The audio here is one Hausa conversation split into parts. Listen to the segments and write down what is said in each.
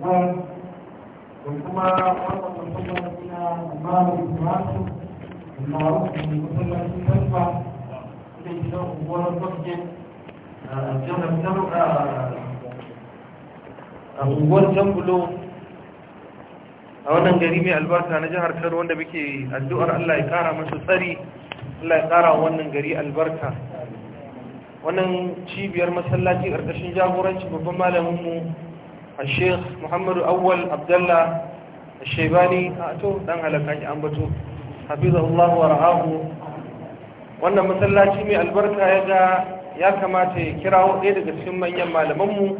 Dubai da kuma wannan musamman na Mamu Tumasu da ma'aikun musamman Tanfa da ke nan unguwar a jihar Tamuka a unguwar Jambulo a wannan gari mai albarka na jihar Kano wanda muke addu'ar Allah ya kara masa tsari Allah ya kara wannan gari albarka wannan cibiyar masallaci ƙarƙashin jagoranci babban malaminmu الشيخ محمد أول عبد الله الشيباني to? دان على كاي أمبتو حفظه الله ورعاه wannan masallaci mai albarka ya kamata ya kirawo ɗaya daga cikin manyan malamanmu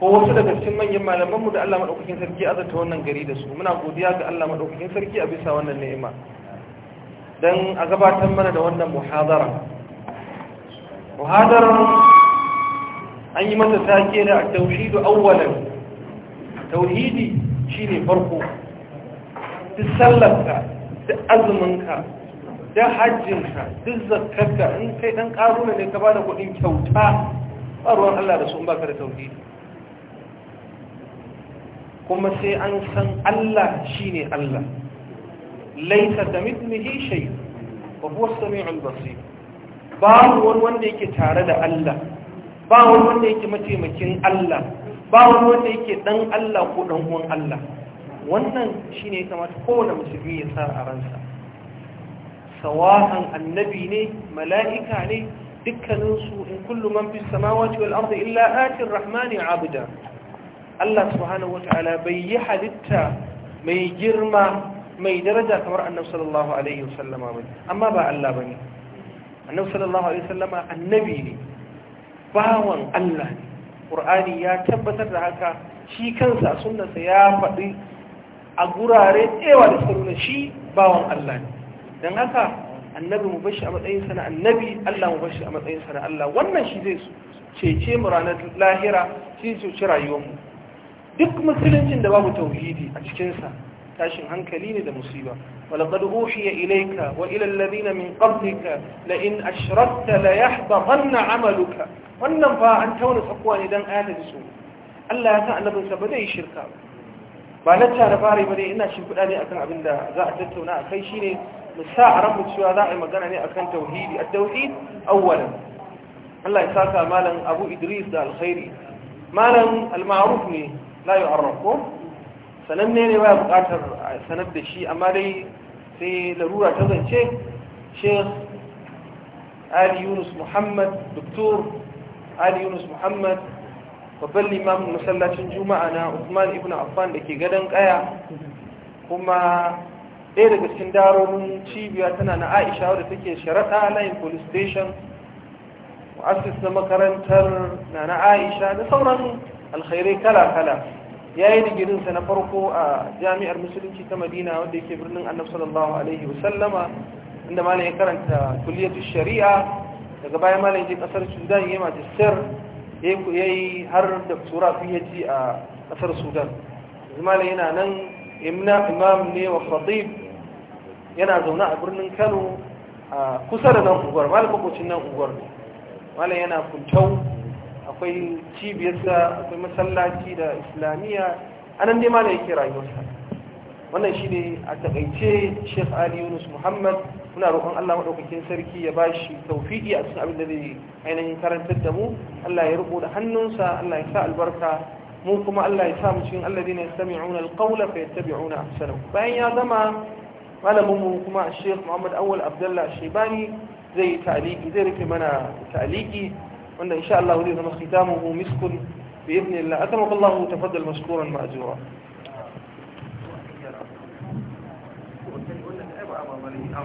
ko wasu daga cikin manyan malamanmu da Allah maɗaukakin sarki ya azata wannan gari da su muna godiya ga Allah maɗaukakin sarki a bisa wannan ni'ima don a gabatar mana da wannan muhadara muhadarar an yi masa take a tauhidu awwalan tauhidi shine farko duk sallarka duk azuminka duk hajjinka duk zakkarka in kai dan karuwa ne ka bada kudin kyauta ba ruwan Allah da su in ka da tauhidi kuma sai an san Allah shine Allah Laita da mithlihi shay wa huwa as-sami'ul basir babu wani wanda yake tare da Allah ba wani wanda yake mataimakin Allah ba wani wanda yake dan Allah ko dan uwan Allah wannan shine ya kamata kowanne musulmi ya sa a ransa Sawahan annabi ne mala'ika ne dukkaninsu in kullu man fi samawati wal ardi illa ati rahmani abda Allah subhanahu wata'ala bai yi halitta mai girma mai daraja kamar annabi sallallahu alaihi wasallama bane amma ba Allah bane annabi sallallahu alaihi wasallama annabi ne bawan Allah ne ƙur'ani ya tabbatar da haka shi kansa sunansa ya faɗi a gurare tsewa da suka shi bawan Allah ne don haka annabi mu bashi a matsayin sana annabi Allah mu bashi a matsayin sana Allah wannan shi zai cece mu ranar lahira shi zai ceci rayuwarmu duk musuluncin da babu tauhidi a cikinsa tashin hankali ne da musiba ولقد أوحي إليك وإلى الذين من قبلك لئن أشركت ليحبطن عملك wannan fa an tauna tsakuwa ne don ayatar Allah ya san annabinsa ba zai yi shirka ba na tare fara ba dai ina shimfiɗa ne akan abin da za a tattauna a kai shine mu sa a rabu cewa za a yi magana ne akan tauhidi a tauhid awwalan Allah ya saka malam Abu Idris da alkhairi malam al ne la yu'arraf sananne ne ba buƙatar sanar da shi amma dai sai larura ta zance Sheikh Ali Yunus Muhammad Dr. ali yunus muhammad babban limamin masallacin juma'a na usman ibn affan dake ke gadon kaya kuma ɗaya daga cikin darorin cibiya tana na aisha wadda take sharaɗa layin police station mu'assis na makarantar na na aisha da sauran alkhairai kala-kala ya yi digirinsa na farko a jami'ar musulunci ta madina wadda yake birnin annabi sallallahu alaihi wasallama inda malam ya karanta kulliyatu shari'a daga bayan malam ke kasar sudan ya yi majistar ya yi har da tura phd a kasar sudan malam yana nan imna imam ne wa khatib yana zaune a birnin kano a kusa da nan unguwar malam makocin nan unguwar ne malam yana kuntau akwai cibiyarsa akwai masallaci da islamiyya anan dai malam yake rayuwarsa wannan shi ne a takaice sheikh ali yunus muhammad muna roƙon allah maɗaukakin sarki ya ba shi taufiki a cikin abin da zai ainihin karantar da mu allah ya rubo da hannunsa allah ya sa albarka mu kuma allah ya sa mu cikin allah ne sami'una alƙaula fa yattabi'una ahsanahu bayan ya zama malamin mu kuma sheikh muhammad awal abdullah Shebani zai zai rufe mana ta'aliki wanda insha allah zai zama khitamuhu miskun bi idnillah atamakallahu tafaddal mashkuran ma'jura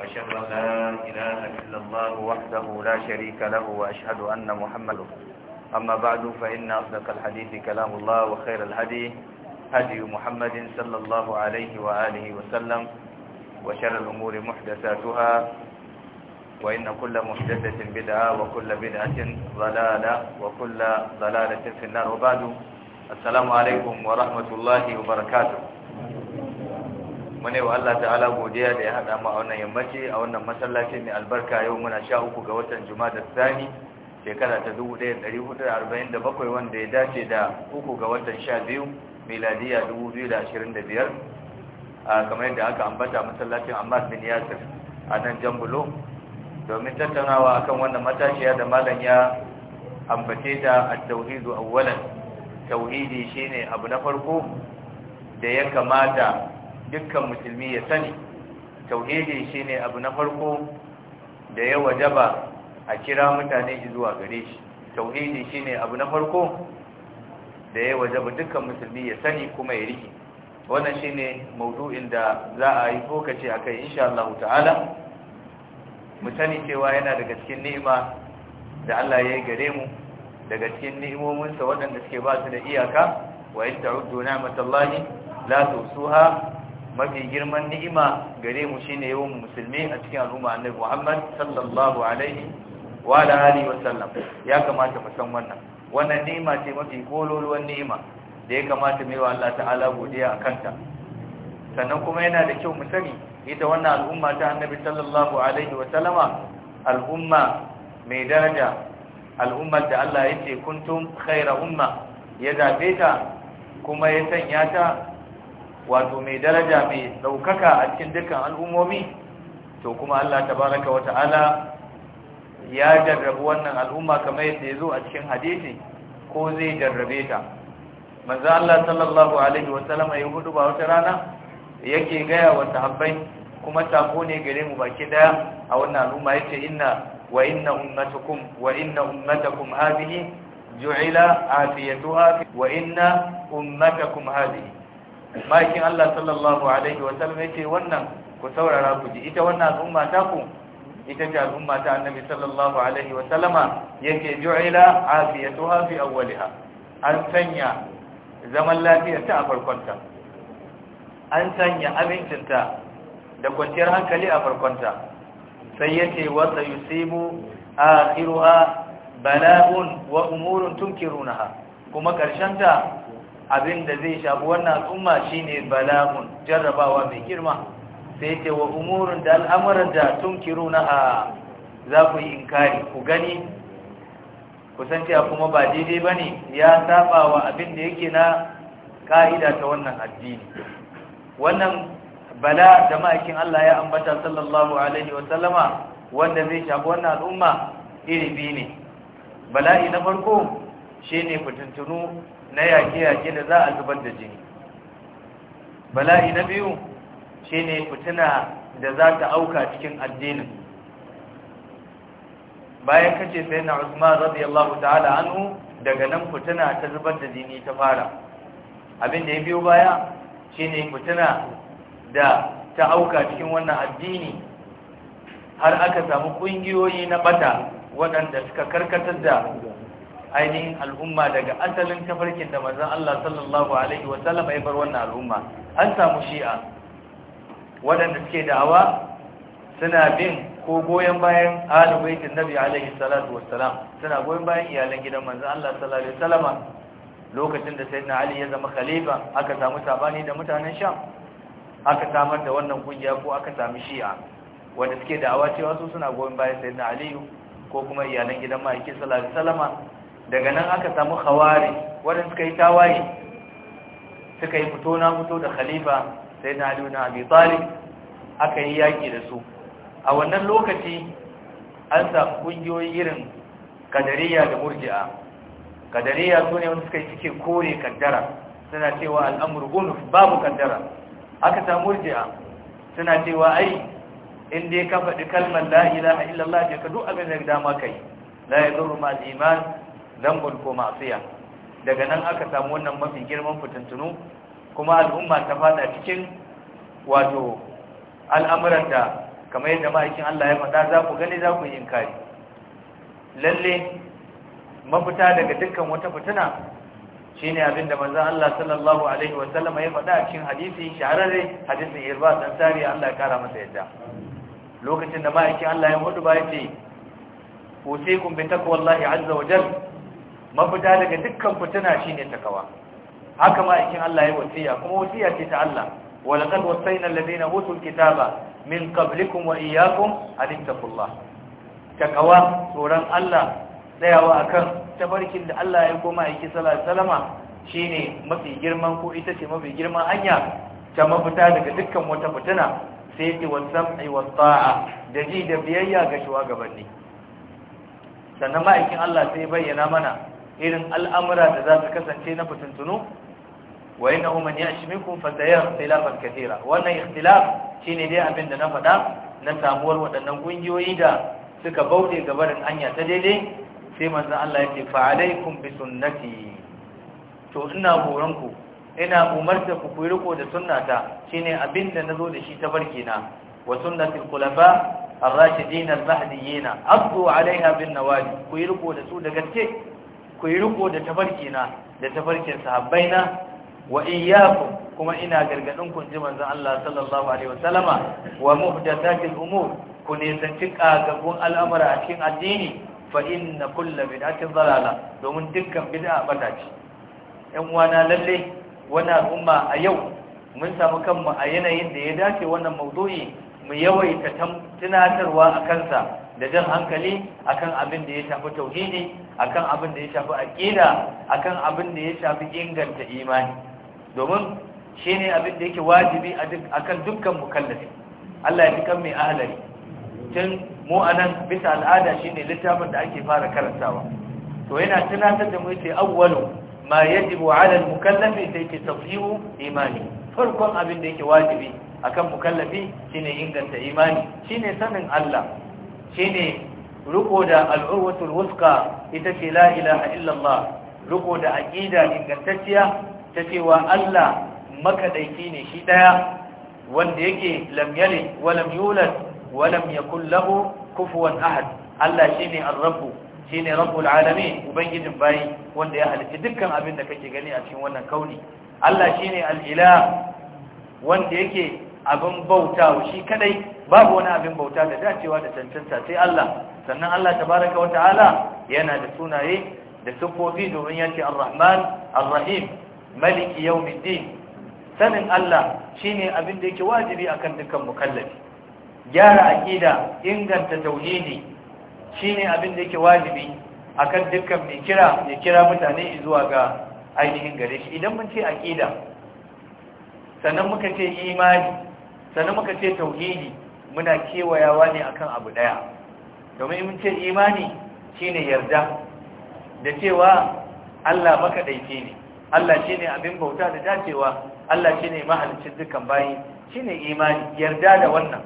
وأشهد أن لا إله إلا الله وحده لا شريك له وأشهد أن محمدا أما بعد فإن أصدق الحديث كلام الله وخير الهدي هدي محمد صلى الله عليه وآله وسلم وشر الأمور محدثاتها وإن كل محدثة بدعة وكل بدعة ضلالة وكل ضلالة في النار وبعد السلام عليكم ورحمة الله وبركاته mune wa Allah ta'ala godiya da ya hada mu a wannan yammaci a wannan masallaci mai albarka yau muna sha uku ga watan da Sani shekara ta 1447 wanda ya dace da uku ga watan 12 miladiya 2025 a kamar yadda aka ambata masallacin Ammar bin Yasir a nan Jambulo domin tattaunawa akan wannan matashiya da malam ya ambace ta at-tauhidu awwalan tauhidi shine abu na farko da ya kamata dukkan musulmi ya sani tauhidi ne abu na farko da ya wajaba a kira mutane zuwa gare shi tauhidi ne abu na farko da ya wajaba dukkan musulmi ya sani kuma ya riki wannan shi ne maudu'in da za a yi fokaci kai insha Allah ta'ala mu sani cewa yana daga cikin ni'ima da Allah ya yi gare mu daga cikin ni'imominsa waɗanda suke ba su da iyaka wa in na ni'matallahi la tusuha mafi girman ni'ima gare mu shine yawan musulmi a cikin al'umma annabi Muhammad sallallahu alaihi wa alihi sallam ya kamata mu san wannan wannan ni'ima ce mafi kololuwan ni'ima da ya kamata mu yi wa Allah ta'ala godiya a kanta sannan kuma yana da kyau mu sani ita wannan al'umma ta annabi sallallahu alaihi wa sallama al'umma mai daraja al'ummar da Allah ya ce kuntum khaira umma ya zabe ta kuma ya sanya ta wato mai daraja mai daukaka a cikin dukkan al'ummomi to kuma Allah tabaraka wata'ala ya jarrabu wannan al'umma kamar yadda ya zo a cikin hadisi ko zai jarrabe ta manzo Allah sallallahu alaihi wasallam ya hudu ba wata rana yake gaya wa sahabbai kuma tako ne gare mu baki daya a wannan al'umma yace inna wa inna ummatukum wa inna ummatakum hadhihi ju'ila afiyatuha wa inna ummatakum hadhihi bakin Allah sallallahu alaihi wa sallam yace wannan ku saurara ku ji ita wannan al'umma ta ku ita ce al'umma ta annabi sallallahu alaihi wa sallama yake ju'ila afiyatuha fi awwaliha an sanya zaman lafiyar ta a farkonta an sanya amincinta da kwanciyar hankali a farkonta sai yace wa sayusibu akhiruha bala'un wa umurun tunkirunaha kuma karshen ta abin da zai shafi wannan al'umma shine balagun jarrabawa mai girma sai ce wa umurin da al'amuran da tunkiru na a za ku yi inkari ku gani kusanci a kuma ba daidai ba ne ya saba wa abin da yake na ka'ida ta wannan addini wannan bala da ma'aikin Allah ya ambata sallallahu alaihi wa sallama wanda zai shafi wannan al'umma iri biyu ne bala'i na farko shine fitintunu na yaƙe-yaƙe da za a zubar da jini bala'i na biyu shine fitina da za ta auka cikin addinin bayan kace sai na Usman radiyallahu ta'ala anhu daga nan fitina ta zubar da jini ta fara abin da ya biyo baya shine fitina da ta auka cikin wannan addini har aka samu ƙungiyoyi na ɓata waɗanda suka karkatar da ainihin al'umma daga asalin tafarkin da manzon Allah sallallahu alaihi wa sallam ya bar wannan al'umma an samu shi'a waɗanda suke da'awa suna bin ko goyon bayan ahlul baitin nabi alaihi salatu wassalam suna goyon bayan iyalan gidan manzon Allah sallallahu alaihi wa lokacin da sayyidina Ali ya zama khalifa aka samu sabani da mutanen Sham aka samar da wannan kungiya ko aka samu shi'a wanda suke da'awa cewa su suna goyon bayan sayyidina Ali ko kuma iyalan gidan ma'aikin sallallahu alaihi wasallama daga nan aka samu khawari wadanda suka yi tawaye suka yi fito na fito da khalifa sai na Ali na Abi Talib aka yi yaki da su a wannan lokaci an sa kungiyoyi irin kadariya da murji'a kadariya sune wanda suka yi suke kore kaddara suna cewa al'amru gunuf babu kaddara aka samu murji'a suna cewa ai in dai ka faɗi kalmar la'ila a illallah ce ka duk abin da dama kai la yadurru ma iman zambun ko ma'asiya daga nan aka samu wannan mafi girman fitintunu kuma al'umma ta fada cikin wato al'amuran da kamar yadda ma'aikin Allah ya faɗa za ku gani za ku yi inkari lalle mafita daga dukkan wata fitina shine abin da manzon Allah sallallahu alaihi wa sallam ya faɗa a cikin hadisi shahararre hadisin Irbad Ansari Allah ya kara masa yadda lokacin da ma'aikin Allah ya hudu ba sai usikum bi taqwallahi azza wa jalla mafita daga dukkan fitina shine takawa haka ma ikin Allah ya wasiya kuma wasiya ce ta Allah walaqad wasayna alladhina utul kitaba min qablikum wa iyyakum an taqullah takawa tsoron Allah tsayawa akan tabarkin da Allah ya koma yake sallallahu alaihi shine mafi girman ko ita ce mafi girman hanya ta mafita daga dukkan wata fitina sai yake wasam'i wasta'a da ji da biyayya ga shugabanni sannan ma'aikin Allah sai bayyana mana irin al'amura da za su kasance na fitintunu wa innahu man ya'shi minkum fa sayara ikhtilafan kathira wannan ikhtilaf shine dai abin da na faɗa na samuwar waɗannan kungiyoyi da suka bauɗe gabarin hanya ta daidai sai manzon Allah ce fa alaikum bi sunnati to ina horon ku ina umarta ku ku riko da sunnata shine abin da zo da shi ta barkina wa sunnatul khulafa ar-rashidin al-mahdiyyin abdu alaiha bin nawali ku riko da su da gaske ku yi riko da tafarkina da tafarkin sahabbaina wa iyyakum kuma ina gargadin ku ji manzon Allah sallallahu alaihi wasallama wa muhdathatil umur ku ne ga kagagun al'amura a cikin addini fa inna kullu bid'atin dalala domin dukkan bid'a bata ce yan uwana lalle wana al'umma a yau mun samu kanmu a yanayin da ya dace wannan mawdu'i mu yawaita tunatarwa a kansa da jan hankali akan abin da ya shafi tauhidi akan abin da ya shafi aqida akan abin da ya shafi inganta imani domin shine abin da yake wajibi a duk akan dukkan mukallafi Allah ya fikan mai ahlali tun mu anan bisa al'ada shine littafin da ake fara karantawa to yana tunatar da mu yace awwalu ma yajibu 'ala al-mukallafi sai ke tafhimu imani farkon abin da yake wajibi akan mukallafi shine inganta imani shine sanin Allah shine riko da al'urwatul wuska ita ce la ilaha illallah riko da aqida ingantacciya ta cewa Allah makadaiki ne shi daya wanda yake lam yalid wa lam yulad wa lam yakul lahu kufuwan ahad Allah shine ar-rabb shine rabbul alamin ubangijin bayi wanda ya halitta dukkan abin da kake gani a cikin wannan kauni Allah shine al-ilah wanda yake abin bauta shi kadai babu wani abin bauta da dacewa da cancanta sai Allah sannan Allah tabaraka wa ta'ala yana da sunaye da sifofi domin yace Ar-Rahman Ar-Rahim Maliki Yawmiddin sanin Allah shine abin da yake wajibi akan dukkan mukallafi gyara aqida inganta tauhidi shine abin da yake wajibi akan dukkan mai kira ya kira mutane zuwa ga ainihin gare shi idan mun ce aqida sannan muka ce imani sannan muka ce tauhidi muna kewayawa ne akan abu daya domin mun ce imani shine yarda da cewa Allah makaɗaici ne Allah shine abin bauta da dacewa Allah shine mahalicin dukkan bayi shine imani yarda da wannan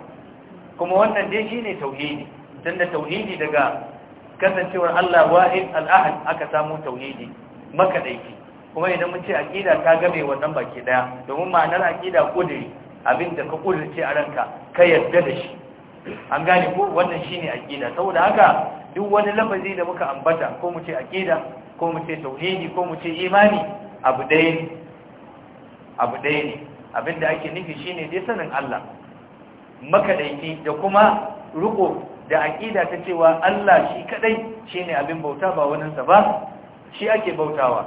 kuma wannan dai shine tauhidi tunda tauhidi daga kasancewar Allah wahid al-ahad aka samu tauhidi makaɗaici kuma idan mun ce aqida ta game wannan baki daya domin ma'anar aqida kudiri abin da ka ƙudurce a ranka ka yarda da shi an gane ko wannan shine aqida saboda haka duk wani lafazi da muka ambata ko mu ce aqida ko mu ce tauhidi ko mu ce imani abu ɗaya ne abu ɗaya ne abin da ake nufi shine dai sanin Allah makaɗaici da kuma riko da aƙida ta cewa Allah shi kaɗai shi ne abin bauta ba waninsa ba shi ake bautawa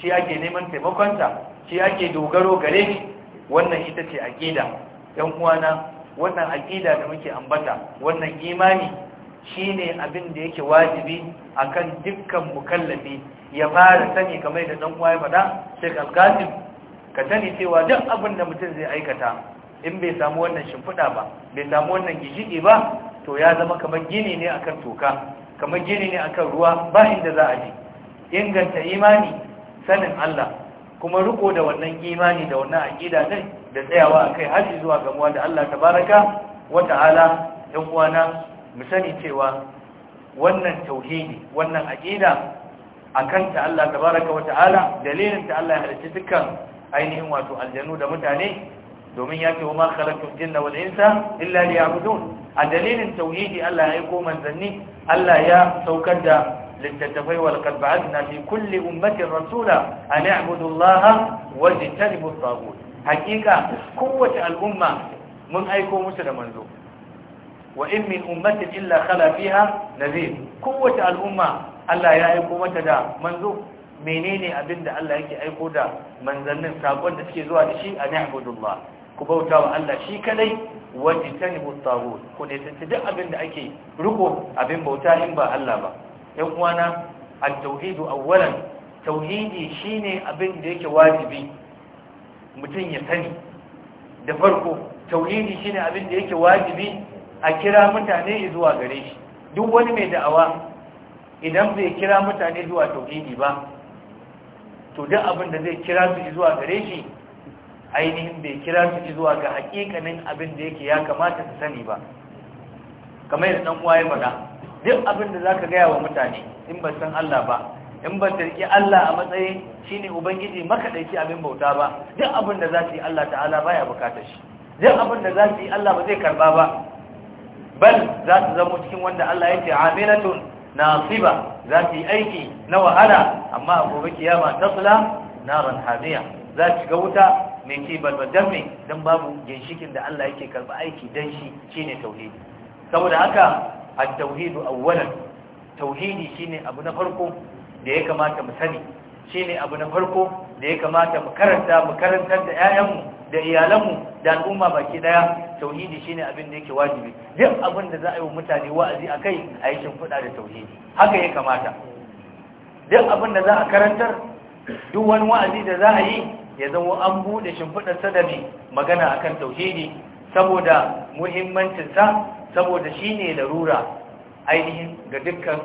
shi ake neman taimakonta shi ake dogaro gare shi wannan ita ce aqida ɗan uwana wannan aqida da muke ambata wannan imani shine abin da yake wajibi akan dukkan mukallafi ya fara sani kamar da ɗan uwa ya faɗa sai al ka sani cewa duk abin da mutum zai aikata in bai samu wannan shimfiɗa ba bai samu wannan gishiɗi ba to ya zama kamar gini ne akan toka kamar gini ne akan ruwa ba inda za a je inganta imani sanin Allah kuma riko da wannan imani da wannan aqida din da tsayawa akai har zuwa gamuwa da Allah tabaraka wa ta'ala ɗan uwana mu sani cewa wannan tauhidi wannan aqida akan ta Allah tabaraka wa ta'ala dalilin ta Allah ya halicci dukkan ainihin wato aljanu da mutane domin ya ce wa ma khalaqtul jinna wal insa illa liya'budun a dalilin tauhidi Allah ya aiko manzanni Allah ya saukar da littattafai wal qad ba'athna fi kulli ummatin rasula an ya'budu Allah wa yajtanibu at-taghut kowace al'umma mun aiko musu da manzo wa in ummatin illa khala fiha nadhir kowace al'umma Allah ya aiko mata da manzo menene abinda Allah yake aiko da manzannin sakon da suke zuwa da shi a na'budullah ku bauta wa Allah shi kadai wajtanibu at-taghut ku ne tantance duk abinda ake riko abin bauta in ba Allah ba yan uwana at-tauhidu awwalan tauhidi shine abin da yake wajibi mutum ya sani da farko tauhidi shine abin da yake wajibi a kira mutane zuwa gare shi duk wani mai da'awa idan bai kira mutane zuwa tauhidi ba to duk abin da zai kira su zuwa gare shi ainihin bai kira su zuwa ga hakikanin abin da yake ya kamata su sani ba kamar yadda dan uwaye faɗa duk abin da zaka gaya wa mutane in ba san Allah ba in ba tarki Allah a matsayin shine ubangiji maka dauki abin bauta ba duk abin da zaka yi Allah ta'ala baya bukatar shi duk abin da zaka yi Allah ba zai karba ba bal za ta zama cikin wanda Allah yake amilatun nasiba za ta yi aiki na wahala amma a gobe kiyama na naran hadiya za ta ga wuta mai ke balbadan ne don babu ginshikin da Allah yake karba aiki don shi shine tauhidi saboda haka at-tauhidu awwalan tauhidi shine abu na farko da ya kamata mu sani shine abu na farko da ya kamata mu karanta mu karantar da ƴaƴanmu da iyalanmu da al'umma baki daya tauhidi shine abin da yake wajibi duk abin da za a yi wa mutane wa'azi akai a yi shimfiɗa da tauhidi haka ya kamata duk abin da za a karantar duk wani wa'azi da za a yi ya zama an buɗe shimfiɗar sa da magana akan tauhidi saboda muhimmancinsa saboda shi ne larura ainihin ga dukkan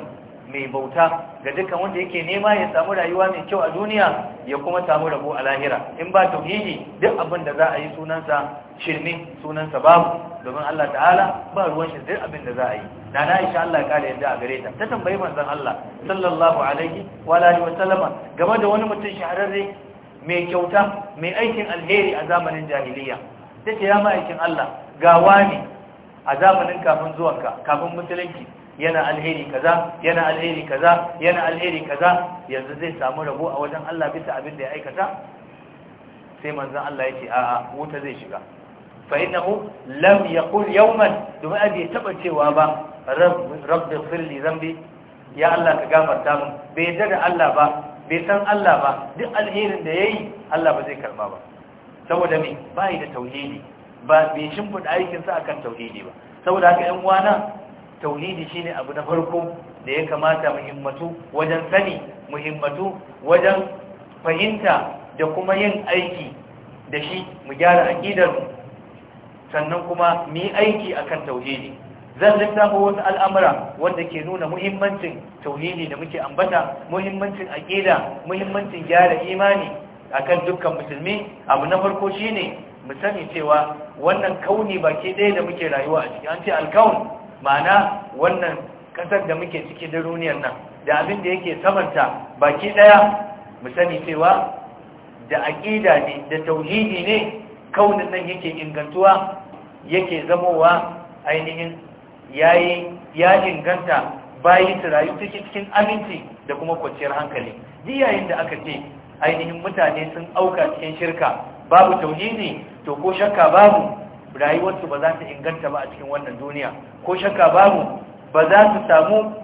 mai bauta ga dukkan wanda yake nema ya samu rayuwa mai kyau a duniya ya kuma samu rabo a lahira in ba tauhidi duk abin da za a yi sunansa shirme sunansa babu domin Allah ta'ala ba ruwan shi duk abin da za a yi na na insha Allah ya kare yadda a gare ta ta tambayi manzon Allah sallallahu alaihi wa alihi wa sallama game da wani mutum shahararre mai kyauta mai aikin alheri a zamanin jahiliya take ya ma aikin Allah Ga wani. a zamanin kafin zuwanka kafin musulunci yana alheri kaza yana alheri kaza yana alheri kaza yanzu zai samu rabo a wajen Allah bisa abin da ya aikata sai manzon Allah ya ce a'a wuta zai shiga fa innahu lam yaqul yawman duma abi taba cewa ba rabbi firli zambi ya Allah ka gafarta min bai yarda Allah ba bai san Allah ba duk alherin da yayi Allah ba zai karba ba saboda me bai da tauhidi ba bai shimfida aikinsa akan tauhidi ba saboda haka yan uwana tauhidi shine abu na farko da ya kamata muhimmatu wajen sani muhimmatu wajen fahimta da kuma yin aiki da shi mu gyara aqidar sannan kuma mu yi aiki akan tauhidi zan littafa wasu al'amura wanda ke nuna muhimmancin tauhidi da muke ambata muhimmancin aƙida muhimmancin gyara imani akan dukkan musulmi abu na farko shine mu sani cewa wannan kauni baki ɗaya da muke rayuwa a ciki an ce alkaun ma'ana wannan ƙasar da muke ciki da duniyar nan da abin da yake samanta baki ɗaya mu sani cewa da aƙida ne da tauhidi ne kaunin nan yake ingantuwa yake zamowa ainihin yayi ya inganta bayi su rayu cikin aminci da kuma kwanciyar hankali duk yayin da aka ce ainihin mutane sun auka cikin shirka babu tauhidi to ko shakka babu rayuwarsu ba za ta inganta ba a cikin wannan duniya ko shakka babu ba za su samu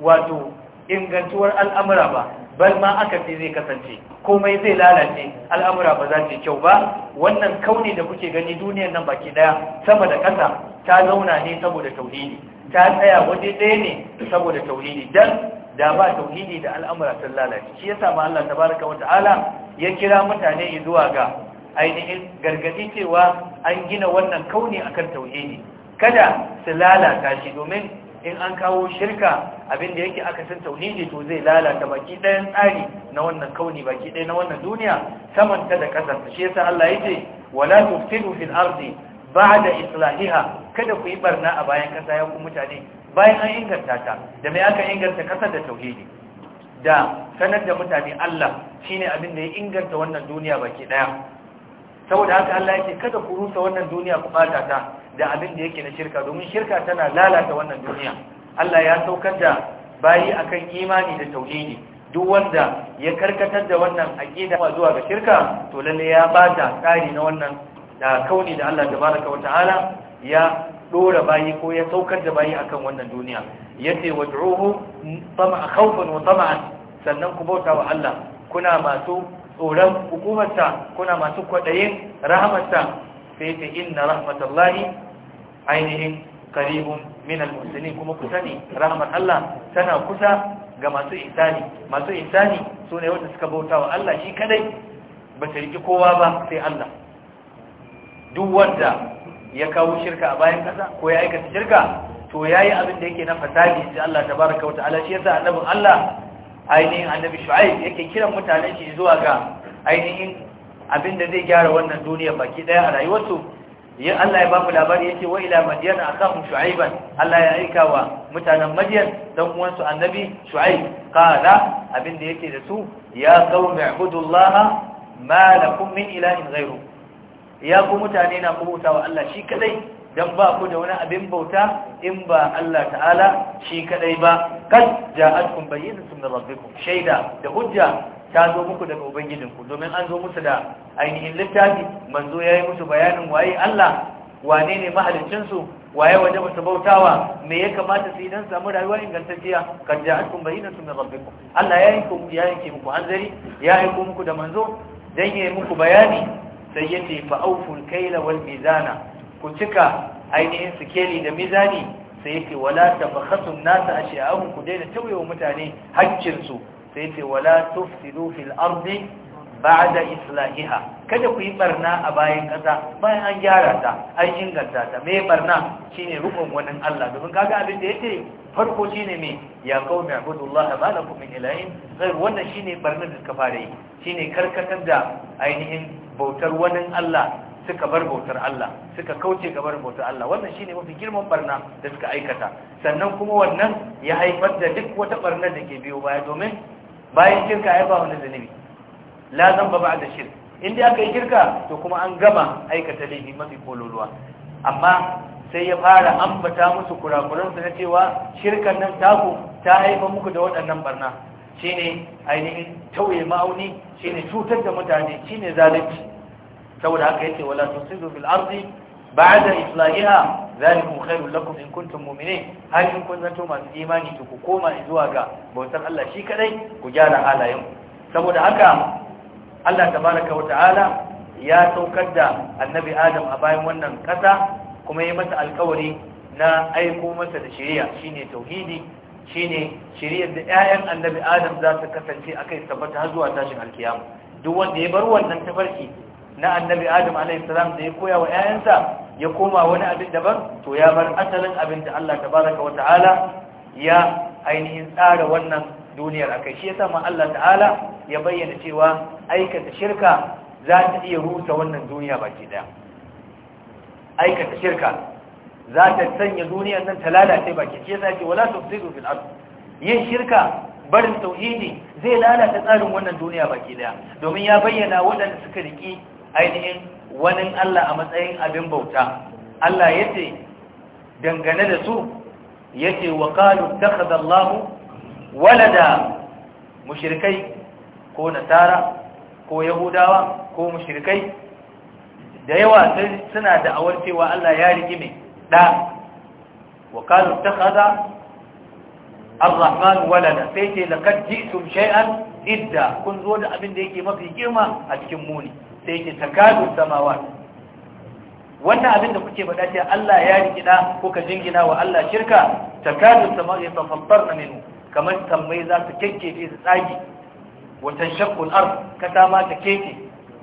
wato ingantuwar al'amura ba bal ma aka fi zai kasance komai zai lalace al'amura ba za ta kyau ba wannan kauni da kuke gani duniyar nan baki daya sama da kasa ta zauna ne saboda tauhidi ta tsaya waje ɗaya ne saboda tauhidi dan da ba tauhidi da al'amura sun lalace shi yasa ma Allah tabaraka ta'ala ya kira mutane zuwa ga ainihin gargadi cewa an gina wannan kauni akan tauhidi kada su lalata shi domin in an kawo shirka abinda yake aka san tauhidi to zai lalata baki ɗayan tsari na wannan kauni baki ɗaya na wannan duniya saman ta da ƙasar shi yasa Allah yace wala tufsidu fil ardi ba'da islahiha kada ku yi barna a bayan ƙasa ya ku mutane bayan an inganta ta da mai aka inganta ƙasar da tauhidi da sanar da mutane Allah shine abin da ya inganta wannan duniya baki ɗaya saboda haka Allah yake kada ku rusa wannan duniya ku bata ta da abin da yake na shirka domin shirka tana lalata wannan duniya Allah ya saukar da bayi akan imani da tauhidi duk wanda ya karkatar da wannan aqida zuwa ga shirka to lalle ya bata tsari na wannan da kauni da Allah tabaraka wa ta'ala ya dora bayi ko ya saukar da bayi akan wannan duniya yace wad'uhu tama khawfan wa tama'an sannan ku bauta wa Allah kuna masu tsoron hukumarsa kuna masu kwaɗayin rahamarsa sai ta inna rahmatallahi ainihin karibun minal musulmi kuma kusa ne rahmar Allah tana kusa ga masu insani masu ihsani sune wanda suka bauta wa Allah shi kadai ba ta riki kowa ba sai Allah duk wanda ya kawo shirka a bayan kasa ko ya aikata shirka to yayi abin da yake na fasadi sai Allah ta wa ta'ala shi yasa annabin Allah ainihin annabi shu'aib yake kiran mutanen shi zuwa ga ainihin abinda zai gyara wannan duniya baki daya a rayuwarsu ya Allah ya bamu labari yace wa ila madyan akahum shu'aiban Allah ya aika wa mutanen madyan dan uwansu annabi shu'aib qala abinda yake da su ya qaumi ibudullaha ma lakum min ilahin ghayru ya ku mutane na ku Allah shi kadai dan ba ku da wani abin bauta in ba Allah ta'ala shi kadai ba kad bayyana sun min rabbikum shaida da hujja ta zo muku daga ubangijinku domin an zo musu da ainihin littafi manzo yayi musu bayanin waye Allah wane ne mahaliccin waye waje musu bautawa me ya kamata su yi dan samu rayuwa ingantacciya kad ja'atkum bayyinatun min rabbikum Allah ya yanke muku ya hanzari ya aiko muku da manzo dan yayi muku bayani sai yace fa awful kayla wal mizana ku cika ainihin sikeli da mizani sai yake wala tabakhasun nasa ashya'ahum ku daina tawayewa mutane haƙƙinsu sai yake wala tufsidu fil ardi ba'da islahiha kada ku yi barna a bayan ƙasa bayan an gyara ta an inganta ta me barna shine rukun wannan Allah domin kaga abin da yake farko shine me ya qaumi ibudullaha ma lakum min ilahin ghayr wannan shine barnar da suka fara yi shine karkatar da ainihin bautar wani Allah suka bar bautar Allah suka kauce ga bar bautar Allah wannan shine mafi girman barna da suka aikata sannan kuma wannan ya haifar da duk wata barna da ke biyo baya domin bayan shirka ya ba wani zanibi la zan ba da shirk inda aka yi shirka to kuma an gama aikata laifi mafi kololuwa amma sai ya fara ambata musu su na cewa shirkan nan taku ta haifar muku da waɗannan barna shine ainihin tauye ma'auni shine cutar da mutane shine zalunci saboda haka yace wala tusidu fil ardi ba'da islahiha zalikum khairul lakum in kuntum mu'minin har in kun zanto masu imani to ku koma zuwa ga bautar Allah shi kadai ku gyara halayen saboda haka Allah tabaraka wa ta'ala ya saukar da annabi Adam a bayan wannan kasa kuma ya masa alkawari na aiko masa da shari'a shine tauhidi shine shari'ar da 'ya'yan annabi Adam za su kasance akai tabbata har zuwa tashin alkiyama duk wanda ya bar wannan tafarki na annabi adam alaihi salam da ya koya wa 'ya'yansa ya koma wani abin daban to ya bar asalin abin da Allah tabaraka wa ta'ala ya ainihin tsara wannan duniyar akai shi yasa ma Allah ta'ala ya bayyana cewa aikata shirka za ta iya rusa wannan duniya baki daya aikata shirka za ta sanya duniyar nan ta lalace baki shi yasa ce wala tufsidu fil ard yin shirka barin tauhidi zai lalata tsarin wannan duniya baki daya domin ya bayyana waɗanda suka riki ainihin wani Allah a matsayin abin bauta Allah ya ce dangane da su ya ce wa kalu walada mushirikai ko nasara ko yahudawa ko mushirikai da yawa suna da awar cewa Allah ya riki mai da wa kalu takaza walada sai ce laqad sun shay'an idda kun zo da abin da yake mafi girma a cikin muni sai yake takadu samawa wannan abin da kuke faɗa ce Allah ya rikida kuka jingina wa Allah shirka takadu samawa ya na minu kamar sammai za su kekkece su tsagi wa shakkun al kasa ta keke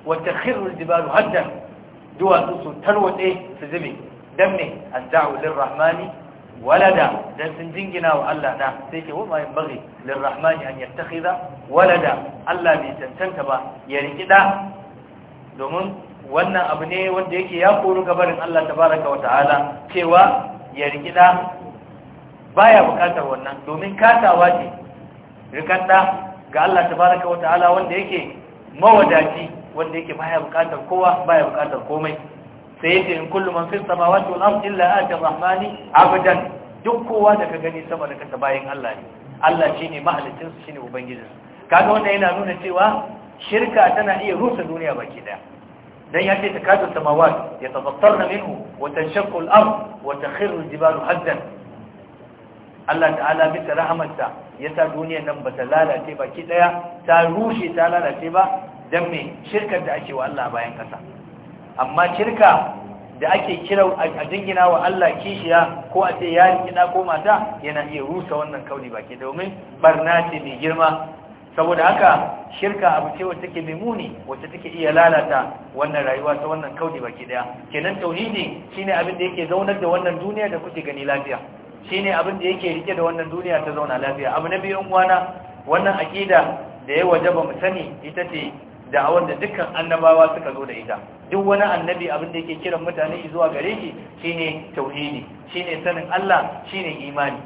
wa takhiru al-jibalu haddan duwatsu su tarwatse su zube dan me adda'u lirrahmani walada dan sun jingina wa Allah da sai ke wa mai bari lirrahmani an yattakhidha walada Allah bai tantanta ba ya rikida domin wannan abu ne wanda yake ya koru gabarin Allah tabaraka wa ta'ala cewa ya rikida baya bukatar wannan domin katawa ce rikadda ga Allah tabaraka wa ta'ala wanda yake mawadaci wanda yake baya bukatar kowa baya bukatar komai sai yake in kullu man fis wasu wal ardi illa ati rahmani abidan duk kowa da ka gani sama da kasa bayan Allah ne Allah shine mahalicin su shine ubangijin kaga wannan yana nuna cewa shirka tana iya rusa duniya baki daya dan yace ta kasu samawat tafattarna minhu wa tanshaqu al-ard wa takhiru al-jibalu haddan Allah ta'ala bisa ya yasa duniya nan bata lalace baki daya ta rushe ta lalace ba dan me shirkar da ake wa Allah bayan kasa amma shirka da ake kira a jingina wa Allah kishiya ko a ce ya kina ko mata yana iya rusa wannan kauli baki domin barna mai girma saboda haka shirka abu ce wacce take mai muni wacce take iya lalata wannan rayuwa ta wannan kauni baki daya kenan tauhidi shine abin da yake zaunar da wannan duniya da kuke gani lafiya shine abin da yake rike da wannan duniya ta zauna lafiya abu na biyu uwana wannan akida da ya wajaba mu sani ita ce da'awar da dukkan annabawa suka zo da ita duk wani annabi abin da yake kiran mutane zuwa gare shi shine tauhidi shine sanin Allah shine imani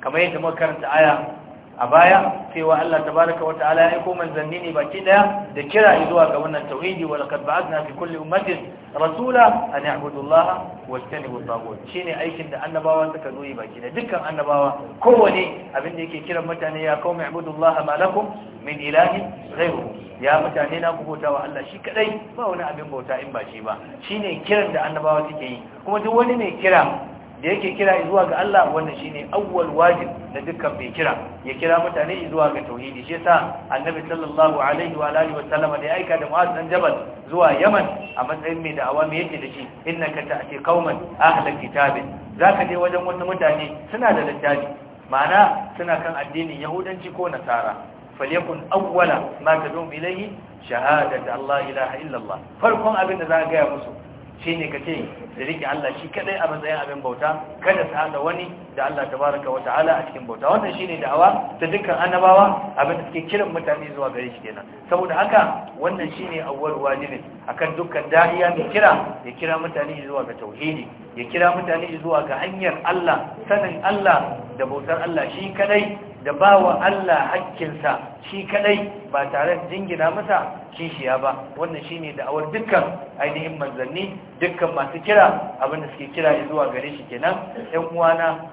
kamar yadda muka karanta aya a baya cewa Allah tabaraka wa ta'ala ya aiko manzanni ne baki daya da kira zuwa ga wannan tauhidi wa laqad ba'athna fi kulli ummatin rasula an ya'budu Allah wa yajtanibu at shine aikin da annabawa suka zo yi baki daya dukkan annabawa kowane abin da yake kiran mutane ya kawo i'budu Allah ma lakum min ilahin ghayruhu ya mutane na ku bauta wa Allah shi kadai ba wani abin bauta in ba shi ba shine kiran da annabawa suke yi kuma duk wani mai kira da yake kira zuwa ga Allah wannan shine awwal wajib da dukkan mai kira ya kira mutane zuwa ga tauhidi shi yasa annabi sallallahu alaihi wa alihi wa sallama da aika da Mu'adh dan Jabal zuwa Yaman a matsayin mai da'awa mai yake da shi innaka ta'ti qauman ahla kitabin zaka je wajen wasu mutane suna da littafi ma'ana suna kan addinin yahudanci ko nasara falyakun awwala ma tadum ilayhi shahadatu Allah ilaha illa Allah farkon abin da za ka ga musu shi ne ka ce da riƙe Allah shi kaɗai a matsayin abin bauta kada ta haɗa wani da Allah tabaraka ala a cikin bauta wannan shi ne da'awa ta dukkan annabawa abin da suke kiran mutane zuwa gare shi kenan saboda haka wannan shi ne awwal wajibin akan dukkan da'iya mai kira ya kira mutane zuwa ga tauhidi ya kira mutane zuwa ga hanyar Allah sanin Allah da bautar Allah shi kaɗai. da ba wa Allah hakkinsa shi kadai ba tare da jingina masa kishiya ba wannan shi shine da'awar dukkan ainihin manzanni dukkan masu kira abinda suke kira zuwa gare shi kenan ɗan uwana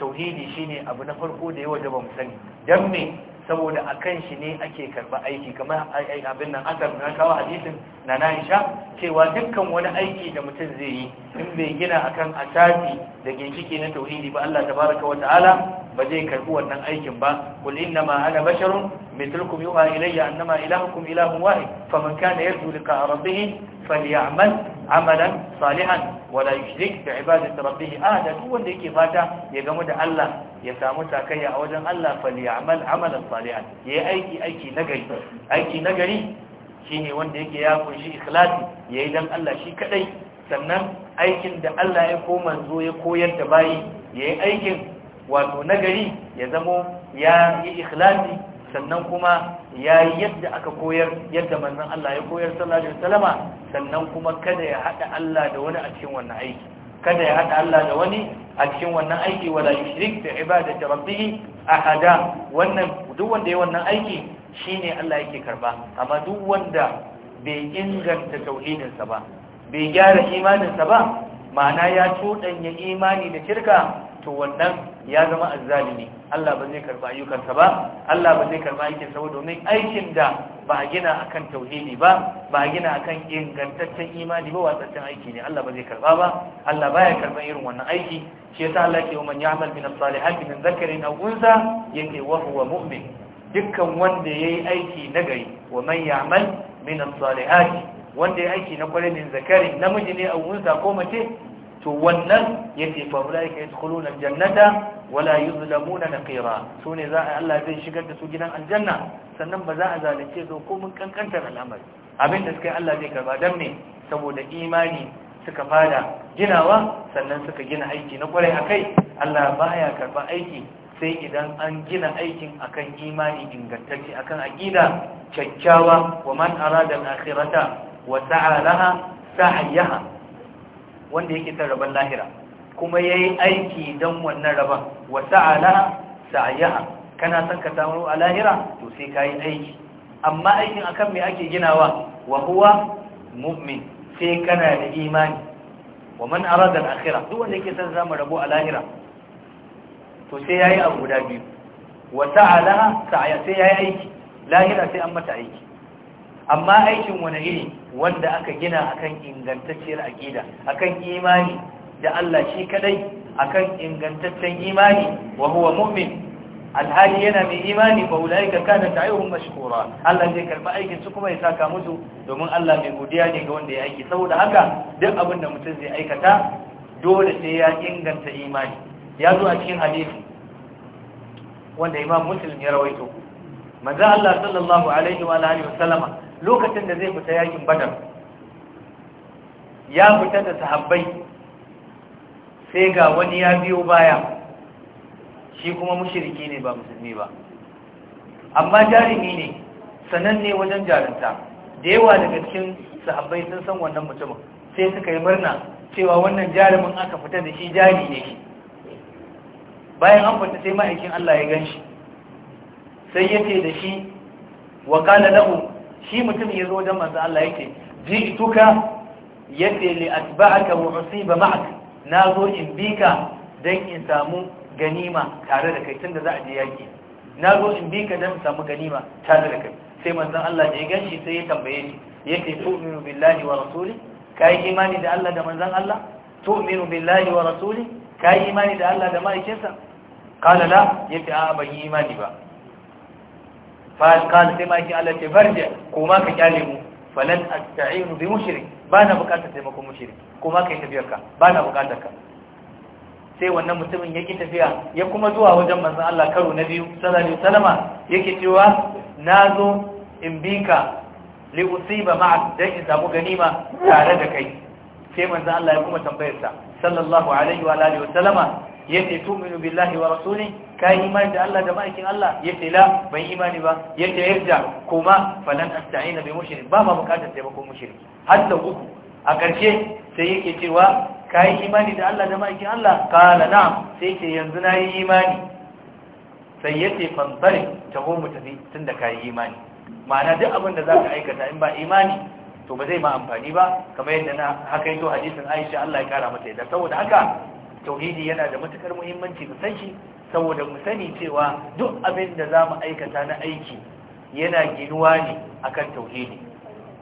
tauhidi ne abu na farko da yawa da ba mu sani Don me saboda a kan shi ne ake karba aiki kamar abin nan asar na kawo hadisin na na isha cewa dukkan wani aiki da mutum zai yi in bai gina akan asasi da ginshiki na tauhidi ba Allah tabaraka wa ta'ala ba zai karbi wannan aikin ba kul innama ana basharun mithlukum yuha ilayya annama ilahukum ilahun wahid faman kana yarju liqa rabbih falyamal amalan salihan wala yushrik bi ibadati rabbih ahada duk wanda yake fata ya gamu da Allah ya samu takayya a wajen Allah falyamal amalan salihan yayi aiki aiki nagari aiki nagari shine wanda yake ya kunshi ikhlasi yayi dan Allah shi kadai sannan aikin da Allah ya koma zo ya koyar da bayi yayi aikin wato nagari ya zamo ya yi ikhlasi sannan kuma ya yi yadda aka koyar yadda manzon Allah ya koyar sallallahu alaihi wasallama sannan kuma kada ya hada Allah da wani a cikin wannan aiki kada ya hada Allah da wani a cikin wannan aiki wala yushrik bi ibadati rabbih ahada wannan duk wanda ya wannan aiki shine Allah yake karba amma duk wanda bai inganta tauhidin sa ba bai gyara imanin sa ba ma'ana ya tudanya imani da shirka to wannan ya zama azzalimi Allah ba zai karba ayyukansa ba Allah ba zai karba aikin sa domin aikin da ba a gina akan tauhidi ba ba a gina akan ingantaccen imani ba watsaccen aiki ne Allah ba zai karba ba Allah baya karban irin wannan aiki shi yasa Allah ke man ya'mal min as-salihati min dhakarin aw unsa yake wa huwa mu'min dukkan wanda yayi aiki nagari wa man ya'mal min as-salihati wanda ya aiki na kwarai min zakari namiji ne a unsa ko mace to wannan yake fa ulaika yadkhuluna aljannata wala yuzlamuna naqira so ne za a Allah zai shigar da su gidan aljanna sannan ba za a zalunce su ko mun kankantar al'amari abin da suka yi Allah zai karba dan ne saboda imani suka fada ginawa sannan suka gina aiki na kwarai akai Allah baya karba aiki sai idan an gina aikin akan imani ingantacce akan aqida kyakkyawa wa man arada al-akhirata wa sa'a laha sa'yaha wanda yake son rabon lahira kuma ya yi aiki don wannan rabon wata ala sa'ayyaha kana son ka samu a lahira to sai ka yi aiki amma aikin akan me ake ginawa wa huwa mu'min sai kana da imani wa man arada al-akhirah duk wanda yake son zama rabo a lahira to sai yayi abu guda biyu wa ta'ala sa'aya sai yayi aiki lahira sai an mata aiki amma aikin wani iri wanda aka gina akan ingantacciyar aqida akan imani da Allah shi kadai akan ingantaccen imani wa huwa mu'min alhali yana mai imani fa ulaika kana ta'ihum mashkura Allah zai karba aikin su kuma ya saka musu domin Allah mai godiya ne ga wanda ya aiki saboda haka duk abin da mutum zai aikata dole sai ya inganta imani ya zo a cikin hadisi wanda Imam Muslim ya rawaito manzo Allah sallallahu alaihi wa alihi wa sallama lokacin da zai fita yakin badar ya fita da sahabbai sai ga wani ya biyo baya shi kuma mushiriki ne ba musulmi ba amma jarumi ne sananne wajen jarinta da yawa daga cikin sahabbai sun san wannan mutumin sai suka yi murna cewa wannan jarumin aka fita da shi jari ne bayan an fita sai ma'aikin Allah ya gan shi sai ya ce da shi wa kala lahu shi mutum ya zo don manzo Allah yake ji'tuka yadda li atba'aka wa usiba ma'ak na zo in bi ka dan in samu ganima tare da kai tunda za a je yaki na zo in bi ka dan in samu ganima tare da kai sai manzo Allah da ya ganshi sai ya tambaye shi yake tu'minu billahi wa rasuli kai imani da Allah da manzon Allah tu'minu billahi wa rasuli kai imani da Allah da ma'aikinsa qala la yafi a ban imani ba fa qala sai ma yake Allah ce farje ko ma ka kyale mu falan asta'inu bi mushrik ba na bukatar taimakon mushrik ko ma kai tafiyar ka ba na bukatar ka sai wannan mutumin yake tafiya ya kuma zuwa wajen manzon Allah karo na biyu sallallahu alaihi wasallama yake cewa nazo in bika li usiba ma'ak dan in samu ganima tare da kai sai manzon Allah ya kuma tambayar sa sallallahu alaihi wa alihi wasallama yace tu'minu billahi wa rasulihi ka yi imani da Allah da ma'aikin Allah ya ce la ban imani ba ya ce yarda kuma falan asta'ina bi mushrik ba ma bukatar taimakon mushriki har da uku a ƙarshe sai yake cewa ka yi imani da Allah da ma'aikin Allah kala na. sai ce yanzu na yi imani sai ya ce ta taho mu tafi tun da ka yi imani ma'ana duk abin da za ka aikata in ba imani to ba zai ma amfani ba kamar yadda na haka yi to hadisin Aisha Allah ya kara mata yadda saboda haka tauhidi yana da matukar muhimmanci musanci saboda mu sani cewa duk abin da za mu aikata na aiki yana ginuwa ne akan tauhidi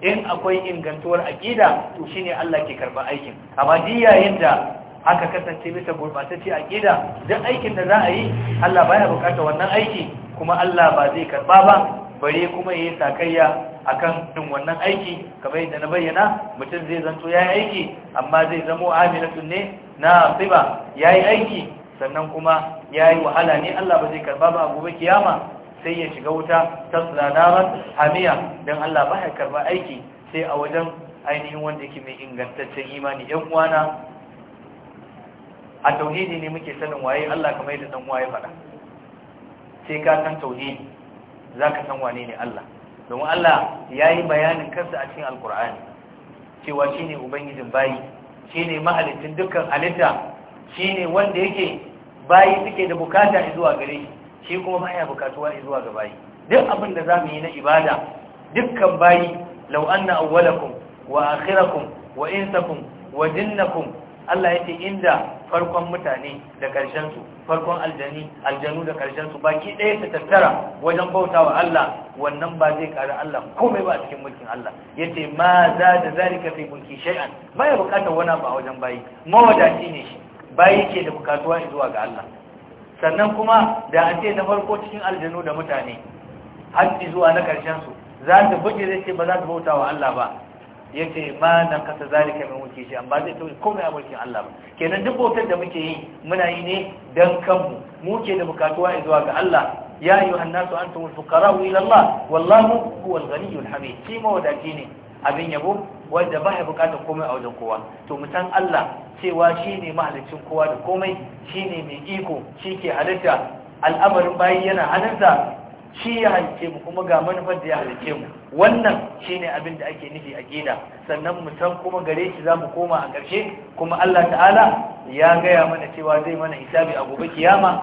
in akwai ingantuwar aƙida to shi ne Allah ke karba aikin amma yayin da aka kasance bisa gurbatacce aƙida duk aikin da za a yi Allah baya buƙata wannan aiki kuma Allah ba zai karɓa ba bare kuma yayi sakayya akan din wannan aiki kamar yadda na bayyana mutum zai zanto yayi aiki amma zai zamo amilatun ne na siba yayi aiki sannan kuma ya yi wahala ne Allah ba zai karba ba gobe kiyama sai ya shiga wuta ta naran hamiya Don Allah ba ya karba aiki sai a wajen ainihin wanda yake mai ingantaccen imani Yan uwana a tauhidi ne muke sanin waye Allah kamar yadda dan waye faɗa sai ka san tauhidi Za ka san wane ne Allah domin Allah ya yi bayanin kansa a cikin alkur'ani cewa shi ne ubangijin bayi shi ne mahalicin dukkan halitta Shi ne wanda yake bayi suke da bukata zuwa gare shi kuma baya bukatuwa zuwa ga bayi duk abin da zamu yi na ibada dukkan bayi law anna awwalakum wa akhirakum wa insakum wa jinnakum Allah ce inda farkon mutane da karshen su farkon aljani aljanu da karshen su baki ɗaya ta tattara wajen bautawa Allah wannan ba zai ƙara Allah komai ba a cikin mulkin Allah ya ma za da zarika fi mulki shay'an baya bukatar wani ba wajen bayi mawadaci ne shi bayi ke da bukatuwa zuwa ga Allah sannan kuma da a ce na farko cikin aljanu da mutane haddi zuwa na karshen su za ta buge zai ce ba za ta bauta wa Allah ba yace ma nan kasa zalika mai wuce shi amma zai tauri komai a mulkin Allah ba kenan duk bautar da muke yi muna yi ne dan kanmu mu ke da bukatuwa zuwa ga Allah ya ayyuhan nasu antumul fuqara ila Allah wallahu huwal ghaniyyul hamid shi mawadaci ne abin yabo wanda ba ya bukatar komai a wajen kowa to mu san Allah cewa shi ne mahalicin kowa da komai shi ne mai iko shi ke halitta al'amarin bayi yana hannunsa shi ya halice mu kuma ga manufar da ya halice mu wannan shine abin da ake nufi a gida sannan mu san kuma gare shi zamu koma a ƙarshe kuma Allah ta'ala ya gaya mana cewa zai mana hisabi a gobe kiyama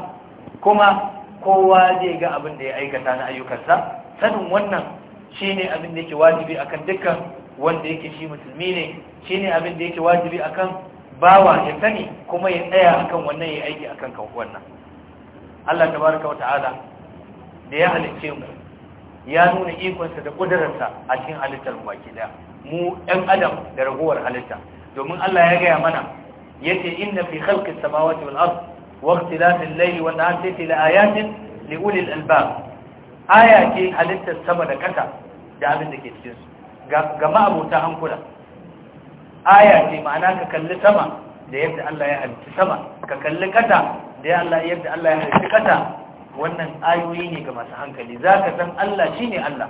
kuma kowa zai ga abin da ya aikata na ayyukansa sanin wannan ne abin da yake wajibi akan dukkan wanda yake shi musulmi ne shine abin da yake wajibi akan bawa ya sani kuma ya tsaya akan wannan ya aiki akan kan wannan Allah tabaraka wa ta'ala da ya halicce mu ya nuna ikonsa da kudararsa a cikin halittar mu baki mu ɗan adam da ragowar halitta domin Allah ya gaya mana yace inna fi khalqis samawati wal ard wa ikhtilafil layli nahari la ayatin li ulil albab aya ce halittar sama da kasa da abin da ke cikin su ga ma'abota hankula aya ce ma'ana ka kalli sama da yadda Allah ya halitta sama ka kalli kasa da yadda Allah ya halitta kasa wannan ayoyi ne ga masu hankali Za ka san Allah shine Allah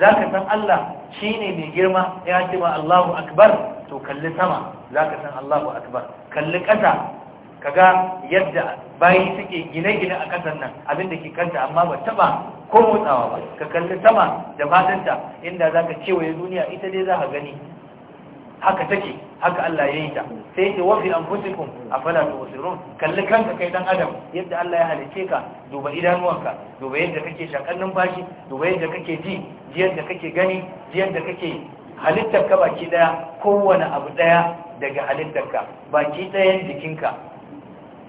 Za ka san Allah shine mai girma ya ce ma Allahu akbar to kalli sama za ka san Allahu akbar kalli kasa kaga yadda bayi suke gine-gine a kasar nan abin da ke kanta amma ba taba ko motsawa ba ka kalli sama da fatanta inda za ka kewaye duniya ita dai za ka gani haka take haka Allah ya yi ta sai ce wafi an fusikun a fala da wasirun kalli kanka kai dan adam yadda Allah ya halice ka duba idanuwanka duba yadda kake shakar numfashi duba yadda kake ji ji yadda kake gani ji yadda kake halittar ka baki daya kowane abu daya daga halittar ka baki dayan jikinka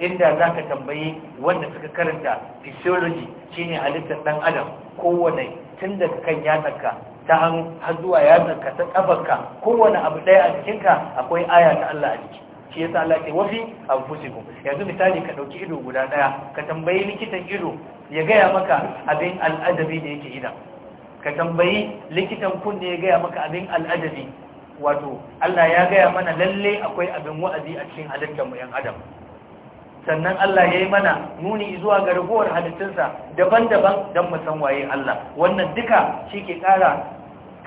inda za ka tambayi wanda suka karanta physiology shine halittar ɗan adam kowane tun daga kan yatsarka ta hannu zuwa yatsarka ta ƙafarka kowane abu ɗaya a jikinka akwai aya ta Allah a ciki shi yasa Allah ke wafi anfusikum yanzu misali ka ɗauki ido guda ɗaya. ka tambayi likitan ido ya gaya maka abin al'adabi da yake idan ka tambayi likitan kunne ya gaya maka abin al'adabi wato Allah ya gaya mana lalle akwai abin wa'azi a cikin halittar mu yan adam sannan Allah ya yi mana nuni zuwa ga ragowar halittunsa daban-daban don musan waye Allah wannan duka shi ke ƙara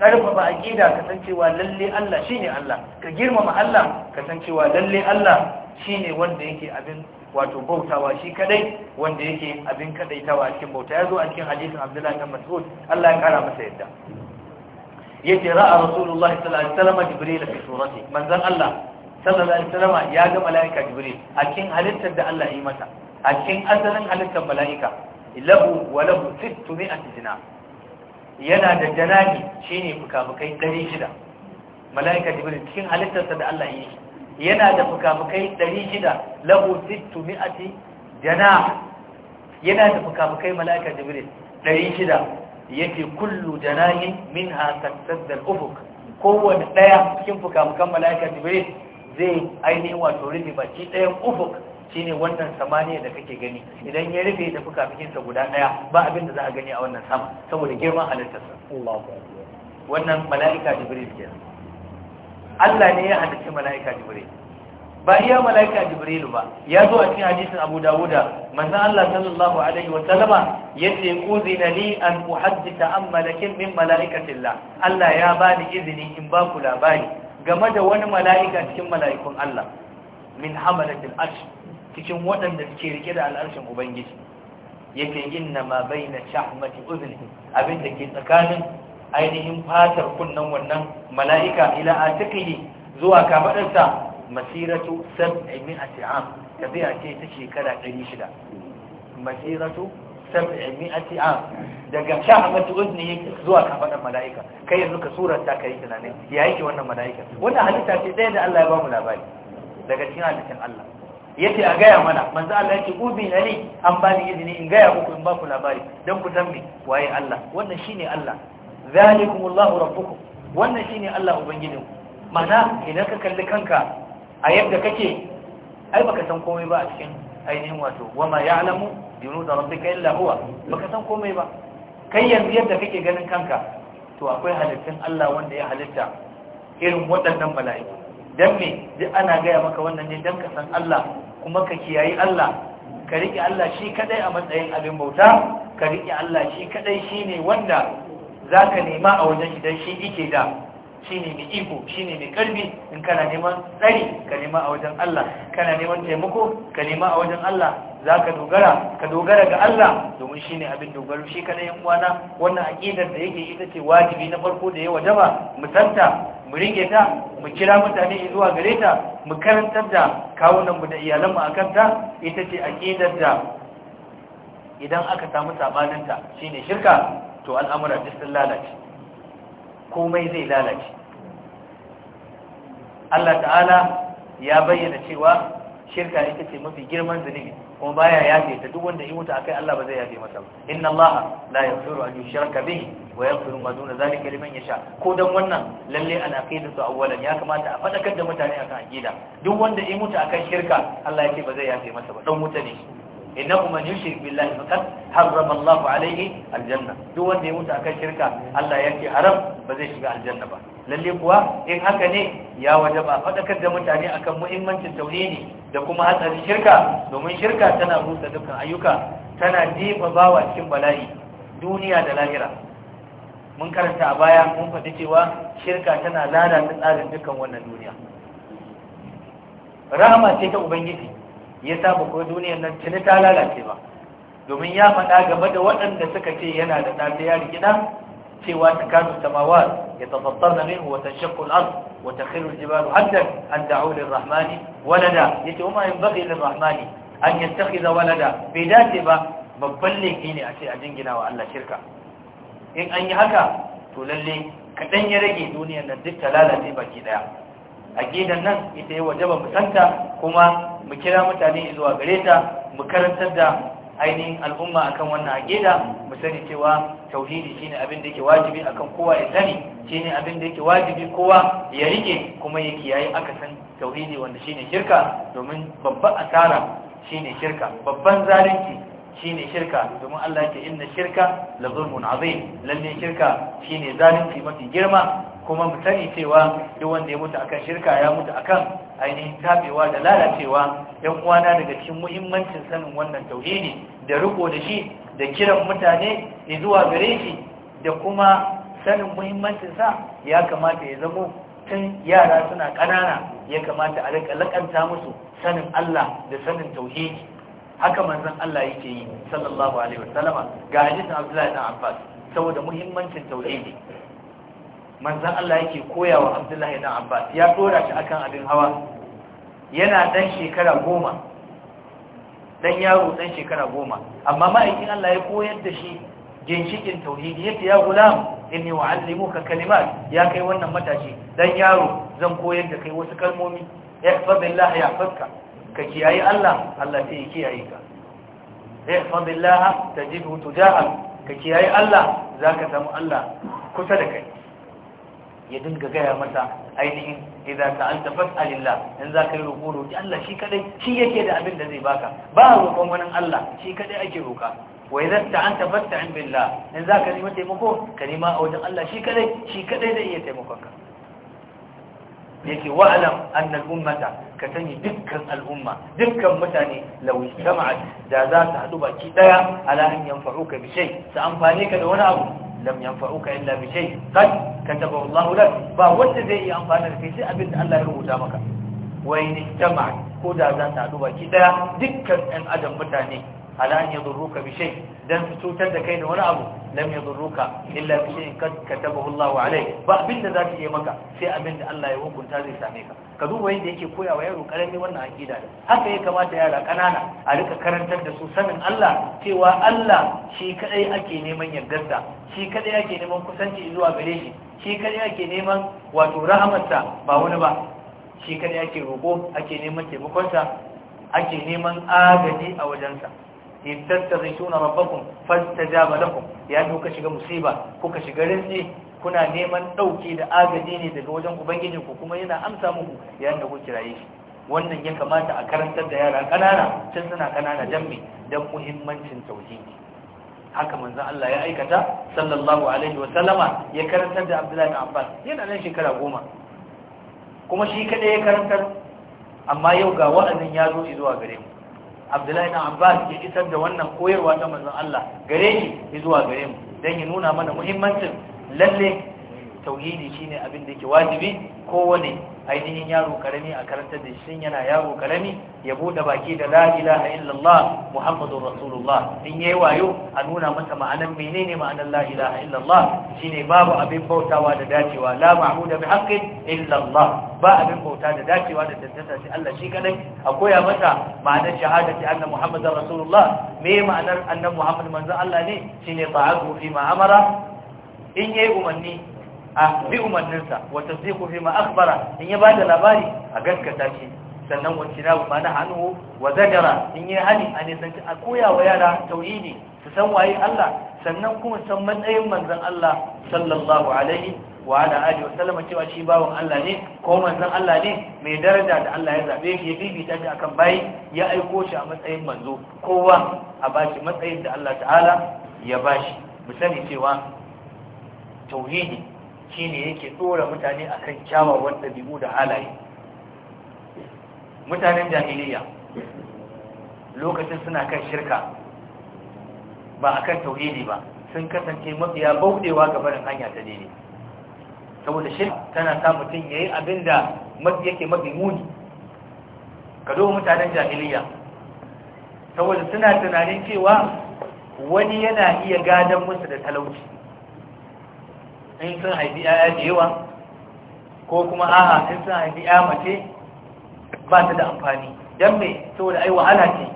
ƙarfafa aƙida kasancewa lalle Allah shi ne Allah ka girmama Allah kasancewa lalle Allah shi ne wanda yake abin wato bautawa shi kadai wanda yake abin kadaitawa cikin bauta ya zo a cikin hadisin Abdullahi bin Mas'ud Allah ya kara masa yadda yace ra'a Rasulullahi sallallahu alaihi wasallam Jibril fi surati manzon Allah sallallahu alaihi wasallam ya ga malaika jibril a cikin halittar da Allah ya yi masa a cikin asalin halittar malaika lahu wa lahu 600 jina yana da janani shine fukafukai 600 malaika jibril cikin halittarsa da Allah ya yi yana da fukafukai 600 lahu 600 jana yana da fukafukai malaika jibril 600 yake kullu janahin minha tasaddal ufuq kowanne daya cikin fukafukan malaika jibril zai ainihin wato rufe baki ɗayan ufuk shine wannan samaniya da kake gani idan ya rufe da fuka fukafikinsa guda ɗaya ba abin da za a gani a wannan sama saboda girman halittarsa wannan mala'ika jibril ke Allah ne ya halarci mala'ika jibril ba iya mala'ika jibril ba ya zo a cikin hadisin abu dawuda manzon Allah sallallahu alaihi wa sallama yace uzina li an uhaddita an malakin min mala'ikatillah Allah ya bani izini in ba ku labari game da wani mala'ika cikin mala'ikun Allah min hamalatil arsh cikin waɗanda suke rike da al'arshin ubangiji yake na ma baina shahmati uzni abin da ke tsakanin ainihin fatar kunnan wannan mala'ika ila atiqihi zuwa kafadarsa masiratu 700 am tabi'a ce ta shekara 600 masiratu sab'i mi'ati am daga shahabatu udni zuwa kafadan mala'ika kai yanzu ka surata kai tunanin ya yake wannan mala'ika wannan halitta ce daya da Allah ya ba mu labari daga cikin halittan Allah yace a gaya mana manzo Allah yace ubi nani an ba ni izini in gaya muku in ba ku labari dan ku me waye Allah wannan shine Allah zalikumullahu rabbukum wannan shine Allah ubangijinku mana idan ka kalli kanka a yadda kake ai baka san komai ba a cikin ainihin wato wama ya'lamu junud rabbika illa huwa baka san komai ba kai yanzu yadda kake ganin kanka to akwai halittun Allah wanda ya halitta irin waɗannan bala'i. dan me duk ana gaya maka wannan ne dan ka san Allah kuma ka kiyayi Allah ka riƙe Allah shi kadai a matsayin abin bauta ka riƙe Allah shi kadai shine wanda zaka nema a wajen shi dan shi yake da shi ne mai iko shi ne mai karfi in kana neman tsari ka nema a wajen Allah kana neman taimako ka nema a wajen Allah za ka dogara ka dogara ga Allah domin shi ne abin dogaro shi kanai yan uwana wannan aƙidar da yake ita ce wajibi na farko da yawa wajaba mu santa mu rike ta mu kira mutane zuwa gare ta mu karantar da kawunan mu da iyalan mu akan ta ita ce aƙidar da idan aka samu sabanin ta shine shirka to al'amura duk sun lalace komai zai lalace Allah ta'ala ya bayyana cewa shirka ita ce mafi girman zunubi kuma baya yafe ta duk wanda ya mutu akai Allah ba zai yafe masa inna Allah la yaghfiru an yushraka bihi wa yaghfiru ma duna zalika liman yasha ko dan wannan lalle al su awwalan ya kamata a fadakar da mutane akan aqida duk wanda ya mutu akan shirka Allah yake ba zai yafe masa ba dan wuta ne innahu man yushrik billahi faqad harrama Allah alaihi aljanna duk wanda ya mutu akan shirka Allah ya ce haram ba zai shiga aljanna ba lalle kuwa in haka ne ya wajaba fadakar da mutane akan muhimmancin tauhidi da kuma hatsarin shirka domin shirka tana rusa dukkan ayyuka tana jefa bawa cikin bala'i duniya da lahira mun karanta a baya mun faɗi cewa shirka tana lalata tsarin dukkan wannan duniya rahama ce ta ubangiji ya sa ba duniyar nan tuni ta lalace ba domin ya faɗa game da waɗanda suka ce yana da ɗafi ya rigida cewa ta kanu ya tafattar da minhu wata shakkun ar wata khirul jibalu haddar an da'u lirrahmani walada ya ce umar in baƙi rahmani! an yattakhiza walada bai dace ba babban laifi ne a ce a jingina wa Allah shirka in an yi haka to lalle kaɗan ya rage duniyar nan duk ta lalace baki ɗaya aqidan nan ita ya wajaba mu santa kuma mu kira mutane zuwa gare ta mu karantar da ainihin al'umma akan wannan aqida mu sani cewa tauhidi shine abin da yake wajibi akan kowa ya sani shine abin da yake wajibi kowa ya rike kuma ya kiyaye aka san tauhidi wanda shine shirka domin babban asara shine shirka babban zalunci shine shirka domin Allah yake inna shirka la zulmun azim lalle shirka shine zalunci mafi girma kuma mu sani cewa duk wanda ya mutu akan shirka ya mutu akan ainihin tabewa da lalacewa yan uwana daga cikin muhimmancin sanin wannan tauhidi da riko da shi da kiran mutane zuwa gare shi da kuma sanin muhimmancin sa ya kamata ya zamo tun yara suna ƙanana ya kamata a rika lakanta musu sanin Allah da sanin tauhidi haka manzon Allah yake yi sallallahu alaihi wasallama ga hadisin Abdullahi ibn Abbas saboda muhimmancin tauhidi manzan Allah yake koya wa Abdullahi dan Abbas ya dora shi akan abin hawa yana ɗan shekara goma ɗan yaro ɗan shekara goma amma ma'aikin Allah ya koyar da shi ginshikin tauhidi yace ya gulam inni ka kalimat ya kai wannan matashi ɗan yaro zan koyar da kai wasu kalmomi ya yahfazka ka kiyaye Allah Allah sai ya kiyaye ka ihfazillah tajidhu tujahak ka kiyaye Allah za ka samu Allah kusa da kai ya dinga gaya mata ainihin idan ka anta fas'alillah in za ka yi roƙo roƙi Allah shi kadai shi yake da abin da zai baka ba roƙon wani Allah shi kadai ake roƙa wa idan ta anta fasta'in billah in za ka taimako ka nema a wajen Allah shi kadai shi kadai zai iya ka. yake wa'alam annal ummata ka sani dukkan al'umma dukkan mutane law istama'at da za su hadu baki daya ala an yanfa'uka bi shay ta amfane ka da wani abu lam yanfa'uka illa bi shay qad kataba Allahu lak ba wanda zai yi amfani da kai sai abin da Allah ya rubuta maka wa in ko da za ta duba baki daya dukkan ɗan adam mutane ala an yadurruka bi shay dan su cutar da kai da wani abu lam yadurruka illa bi shay'in kad katabahu Allahu alayk ba abinda za zaka yi maka sai abin da Allah ya hukunta zai same ka ka duba yadda yake koya wa yaro karami wannan aqida da haka ya kamata yara kanana a rika karantar da su sanin Allah cewa Allah shi kadai ake neman yardarsa shi kadai ake neman kusanci zuwa gare shi shi kadai ake neman wato rahamarsa ba wani ba shi kadai ake roƙo ake neman taimakonsa ake neman agaji a wajensa in tattaghishuna rabbakum fastajaba lakum yayin kuka shiga musiba kuka shiga rinji kuna neman dauki da agaji ne daga wajen ubangiji ku kuma yana amsa muku yayin da ku kiraye shi wannan ya kamata a karantar da yara kanana tun suna kanana dan dan muhimmancin tauhidi haka manzo Allah ya aikata sallallahu alaihi wa sallama ya karantar da Abdullahi bin Abbas yana nan shekara goma kuma shi kada ya karantar amma yau ga wa'azin ya zo zuwa gare mu abdullahi na abbas ke isar da wannan koyarwa ta manzon Allah gare shi zuwa gare mu don ya nuna mana muhimmancin lalle tauhidi shine abin da yake wajibi kowane ainihin yaro karami a karanta da shi yana yaro karami ya bude baki da la ilaha illallah muhammadur rasulullah in yayi wayo a nuna masa ma'anar menene ma'anar la ilaha illallah shine babu abin bautawa da dacewa la ma'budu bi haqqin illallah ba abin bauta da dacewa da tantata shi Allah shi kadai a koya masa ma'anar shahadati anna muhammadar rasulullah me ma'anar annabi muhammad manzo Allah ne shine ta'atu fi ma amara in yayi umanni a bi umarninsa wa tasdiqu fi ma akhbara in ya bada labari a gaskata shi sannan wa tinabu ma nahanu wa zajara in yi hani a a koya wa yara tauhidi su san waye Allah sannan kuma san matsayin manzon Allah sallallahu alaihi wa ala alihi wa sallama cewa shi bawon Allah ne ko manzon Allah ne mai daraja da Allah ya zabe shi ya bibita shi akan bayi ya aiko shi a matsayin manzo kowa a bashi matsayin da Allah ta'ala ya bashi mu sani cewa tauhidi ne yake tsora mutane a kan kyawawan ɗabi'u da halaye mutanen jahiliya lokacin suna kan shirka ba a kan tauhidi ba sun kasance mafiya bauɗewa ga barin hanya ta daidai saboda shi tana sa mutum ya yi abin da yake mafi muni ka zo mutanen jahiliya saboda suna tunanin cewa wani yana iya gadon musu da talauci in sun haifi ‘ya'ya da yawa ko kuma a'a in sun haifi ‘ya mace ba ta da amfani don me saboda ai wahala ce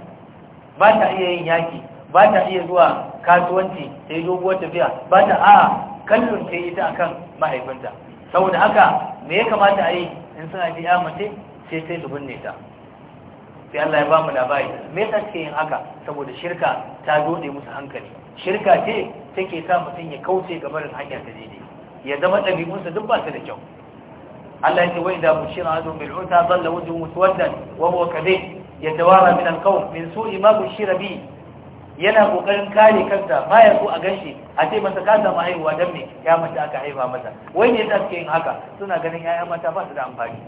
ba ta iya yin yaki ba ta iya zuwa kasuwanci ta yi doguwar tafiya ba ta a'a kallon ta ita kan mahaifinta saboda haka me ya kamata a yi in sun haifi ‘ya mace sai sai su binne ta sai Allah ya ba mu labari me ta ke yin haka saboda shirka ta dode musu hankali shirka ce take sa mutum ya kauce gabarin hanyar ta daidai ya zama ɗabi'unsa duk ba su da kyau Allah ya ce wai da bushira azum bil uta dalla wajhu mutawaddan wa huwa kadai yatawara min al qawm min su'i ma bushira bi yana kokarin kare kansa ya so a ganshi a ce masa ka samu haihuwa dan me ya mace aka haifa masa wai ne yasa suke yin haka suna ganin yaya mata ba su da amfani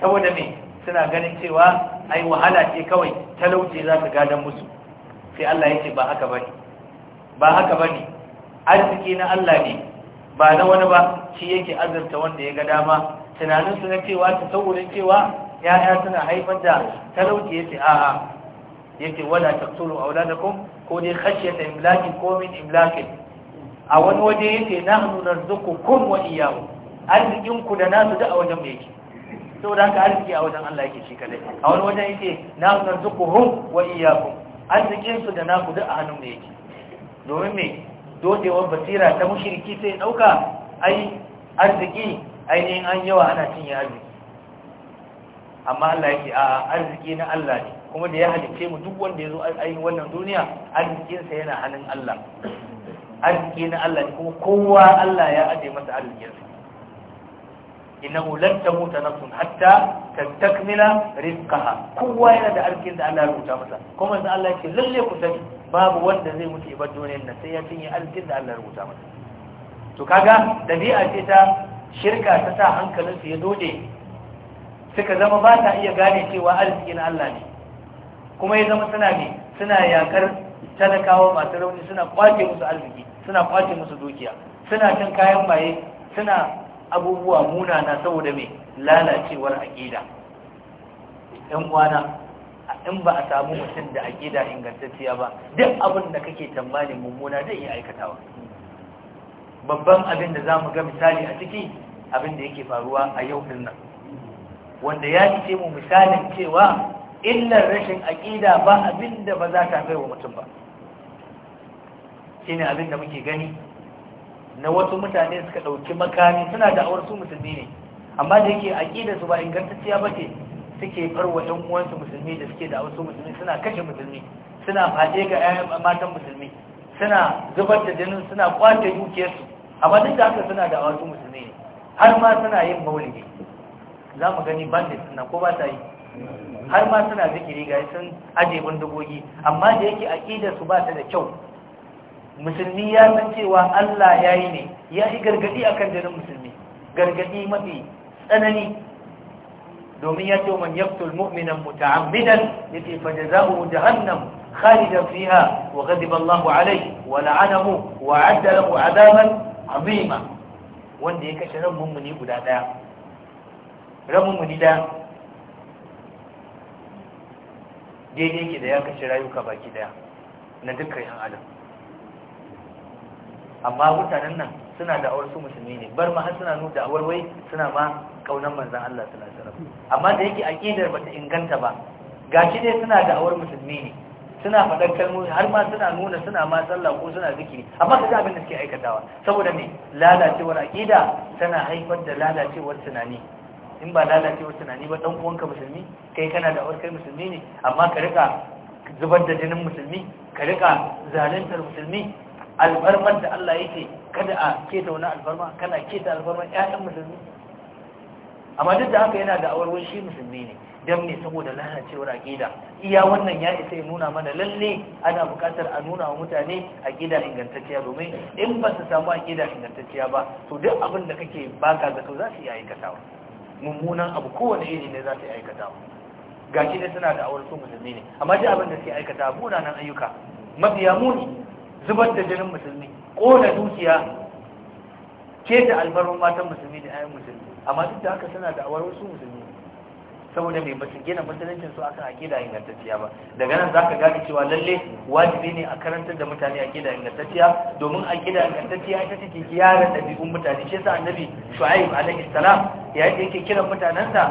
saboda me suna ganin cewa ai wahala ce kawai talauci za ta gadan musu sai Allah ya ce ba haka bane ba haka bane arziki na Allah ne ba na wani ba shi yake azurta wanda ya ga dama tunaninsu na cewa ta saurin cewa ya'ya suna haifar da talauci yace a'a yace wala wadanda kuma ko dai da imlaki ko min imlaki a wani waje na nahnu narzuqukum wa iyyakum arzikin ku da nasu da a wajen mai yake da haka arziki a wajen Allah yake shi kadai a wani wajen yake nahnu narzuquhum wa iyyakum arzikin su da naku da a hannun mai yake domin mai dodewar basira ta mushriki sai dauka ai arziki ainihin an yawa ana cinye arziki amma Allah yake a arziki na Allah ne kuma da ya halicce mu duk wanda ya zo ainihin wannan duniya arzikinsa yana hannun Allah arziki na Allah ne kuma kowa Allah ya ajiye masa arzikinsa innahu lan tamuta nafsun hatta tastakmila rizqaha kowa yana da arzikin da Allah ya rubuta masa kuma sai Allah yake lalle ku sani babu wanda zai mutu ibar duniyar nan sai ya cinye arzikin da Allah ya rubuta masa to kaga dabi'a ce ta shirka ta sa hankalin su ya dode suka zama ba iya gane cewa na Allah ne kuma ya zama suna ne suna yakar talakawa masu rauni suna kwace musu arziki suna kwace musu dukiya suna cin kayan maye suna abubuwa munana saboda mai lalacewar aƙida ɗan uwana in ba a samu mutum da aƙida ingantacciya ba duk abin da kake tambani mummuna zai iya aikatawa babban abin da za mu ga misali a ciki abin da yake faruwa a yau din nan wanda ya ce mu misalin cewa illar rashin aƙida ba abin da ba za ta kai wa mutum ba shine abin da muke gani na wasu mutane suka ɗauki makami suna da awar su musulmi ne amma da yake aƙida su ba ingantacciya ba ce suke farwa ɗan uwansu musulmi da suke da awar su musulmi suna kashe musulmi suna faɗe ga ƴaƴan matan musulmi suna zubar da jinin suna kwace dukiyarsu amma duk da haka suna da awar su musulmi ne har ma suna yin maulidi za mu gani bandit suna ko ba ta yi har ma suna zikiri ga sun aje bindigogi amma da yake aƙidar su ba ta da kyau musulmi ya san cewa Allah ya yi ne ya yi gargadi kan jinin musulmi gargadi mafi tsanani domin ya ce man yaqtul mu'minan muta'ammidan yace fa jazaohu jahannam khalidan fiha wa ghadiba Allahu alayhi wa la'anahu wa 'adda lahu 'adaban 'azima wanda ya kashe ran mummuni guda daya ran mummuni daya daidai ke da ya kashe rayuka baki daya na dukkan yan adam amma mutanen nan suna da awar su musulmi ne bar ma har suna nuna da'awar wai suna ma kaunan manzan Allah sallallahu alaihi wasallam amma da yake aqidar bata inganta ba gashi dai suna da awar musulmi ne suna fadar kalmomi har ma suna nuna suna ma sallah ko suna zikiri amma kaga abin da suke aikatawa saboda me lalacewar aqida tana haifar da lalacewar tunani in ba lalacewar tunani ba dan uwanka musulmi kai kana da awar kai musulmi ne amma ka rika zubar da jinin musulmi ka rika zalantar musulmi Albarmar da Allah yake kada a keta wani alfarma kana keta alfarmar ƴaƴan musulmi amma duk da haka yana da awarwar shi musulmi ne dan ne saboda lalacewar aqida iya wannan ya isa ya nuna mana lalle ana buƙatar a nuna wa mutane aqida ingantacciya domin in ba su samu aqida ingantacciya ba to duk abin da kake baka zato za su yi aikatawa mummunan abu kowane iri ne za su yi aikatawa gashi ne suna da awar su musulmi ne amma duk abin da suke aikata munanan ayyuka mafiya muni zubar da jinin musulmi kona dukiya ke da albarun matan musulmi da ayan musulmi amma duk da haka suna da awar wasu musulmi saboda mai basu gina musuluncin su akan akida ingantacciya ba daga nan zaka gane cewa lalle wajibi ne a karantar da mutane akida ingantacciya domin akida ingantacciya ita take kiyaran dabi'un mutane shi yasa annabi shu'aib alaihi salam ya yake kiran mutanansa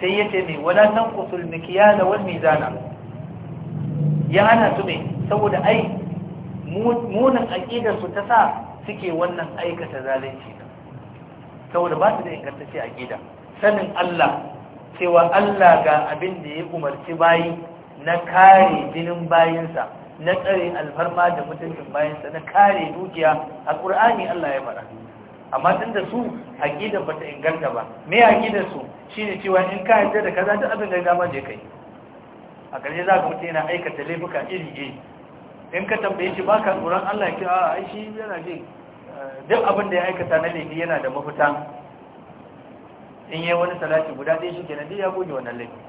sai yace mai wala tanqusul mikyala wal mizana ya ana su mai saboda ai munin aƙidar su ta sa suke wannan aikata zalunci saboda ba su da ingantacce gida, sanin Allah cewa Allah ga abin da ya umarci bayi na kare jinin bayinsa na tsare alfarma da mutuncin bayinsa, na kare dukiya a ƙur'ani Allah ya fara. amma tun da su aƙidar ba ta inganta ba me aƙidar su shine cewa in ka yarda da kaza duk abin da ya dama je kai a ƙarshe za ka mutu yana aikata laifuka iri iri in ka tambaye shi baka tsoron Allah ce a ai shi yana jin eh, duk abin da ya aikata na laifi yana da mafita in yi wani salati guda ɗaya shikenan duk ya goge wannan laifi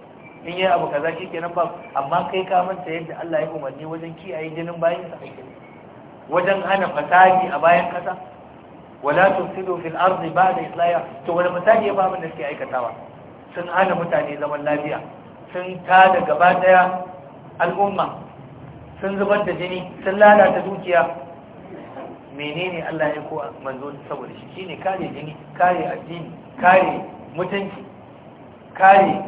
in yi abu kaza na ba amma kai ka manta yadda Allah ya umarni wajen kiyaye jinin bayan sa wajen hana fasadi a bayan kasa wala tusidu fil ardi ba'da islaya to wani misali ya ba mun da suke aikatawa sun hana mutane zaman lafiya sun tada gaba daya al'umma sun zubar da jini sun lalata dukiya menene Allah ya ko manzo saboda shi shine kare jini kare addini kare mutunci kare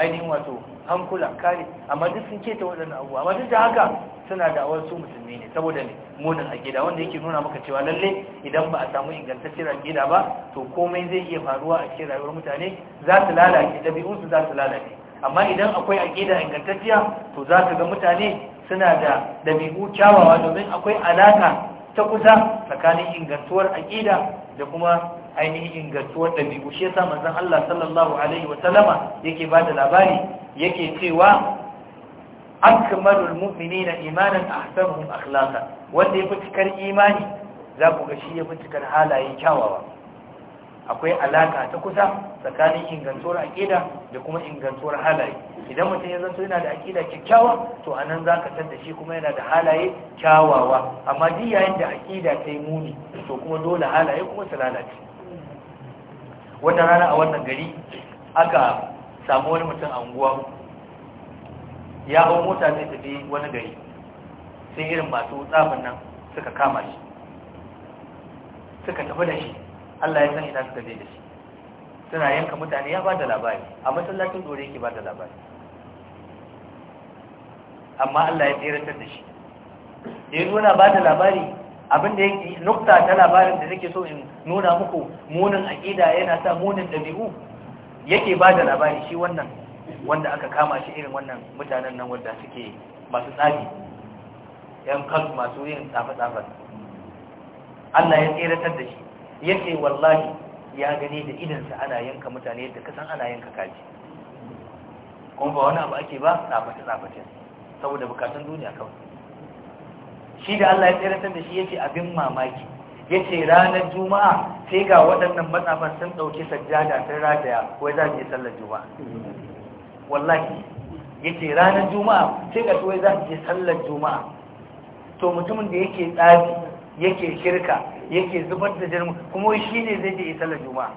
ainihin wato hankula kare amma duk sun keta waɗannan abubuwa amma duk da haka suna da awar su musulmi ne saboda ne munin gida. wanda yake nuna maka cewa lalle idan ba a samu ingantacciyar gida ba to komai zai iya faruwa a cikin rayuwar mutane za su lalace ɗabi'unsu za su lalace amma idan akwai gida ingantacciya to za ka ga mutane suna da ɗabi'u kyawawa domin akwai alaka ta kusa tsakanin ingantuwar aƙida da kuma ainihin ingantuwar ɗabi'u shi yasa manzon Allah sallallahu alaihi wa sallama yake ba da labari yake cewa akmalul mu'minina imanan ahsanuhum akhlaqa wanda yafi cikar imani za ku ga shi yafi cikar halaye kyawawa akwai alaka ta kusa tsakanin ingantuwar aƙida da kuma ingantuwar halaye idan mutum ya zanto yana da aƙida kyakkyawa to a nan za ka san da shi kuma yana da halaye kyawawa amma duk yayin da aƙida ta yi muni to kuma dole halaye kuma su lalace wannan rana a wannan gari aka samu wani mutum a unguwa ya hau mota zai tafi wani gari sai irin masu tsafin nan suka kama shi suka tafi da shi Allah ya san ina suka je da shi suna yanka mutane ya ba da labari a masallacin dore yake ba da labari amma Allah ya tseratar da shi ya nuna ba da labari abinda yake nukta ta labarin da nake so in nuna muku munin aƙida yana sa munin ɗabi'u yake ba da labari shi wannan wanda aka kama shi irin wannan mutanen nan wanda suke masu tsari yan kan masu yin tsafe-tsafen Allah ya tseratar da shi yace wallahi ya gani da idansa ana yanka mutane yadda kasan ana yanka kaji kuma ba wani abu ake ba tsafaci tsafaci saboda bukatun duniya kawai shi da Allah ya tseratar da shi yace abin mamaki yace ranar juma'a sai ga waɗannan matsafan sun ɗauki sajjada sun rataya ko za su yi sallar juma'a wallahi yace ranar juma'a sai ga wai za su yi sallar juma'a to mutumin da yake tsafi yake shirka yake zubar da jirgin kuma shi ne zai je isa juma'a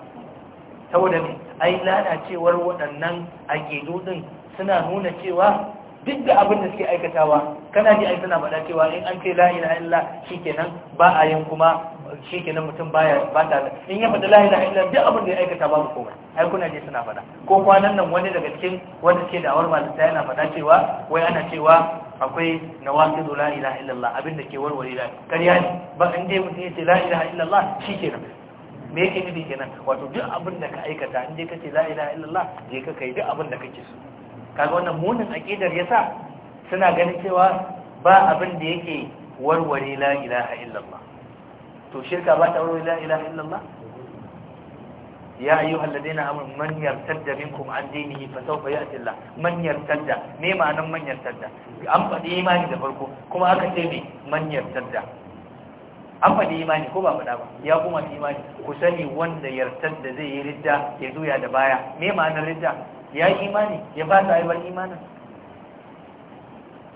saboda mai ai lalacewar waɗannan a ɗin suna nuna cewa duk da abin da suke aikatawa kana ji ai suna faɗa cewa in an ce la shi kenan ba a yin kuma shi kenan mutum baya ba ta in ya faɗi lahi lahi duk abin da ya aikata babu komai ai kuna je suna faɗa ko kwanan nan wani daga cikin wanda ke da awar malista yana faɗa cewa wai ana cewa akwai nawaqidu la ilaha illallah abinda ke warware da ƙarya ne ba in dai mutum ce la ilaha illallah shi kenan me yake nufi kenan wato duk abin da ka aikata in dai ce la ilaha illallah je ka kai duk abin da kake so kaga wannan munin aqidar yasa suna ganin cewa ba abin da yake warware la ilaha illallah to shirka ba ta wuri la ilaha illallah ya ayyuhal ladina amanu man yartadda minkum an dinihi fa sawfa ya'ti Allah man yartadda me ma'anan man yartadda an faɗi imani da farko kuma aka ce me man yartadda an faɗi imani ko ba faɗa ba ya kuma imani ku sani wanda yartadda zai yi ridda ya zuya da baya me ma'anar ridda ya yi imani ya ba ta aibar imanin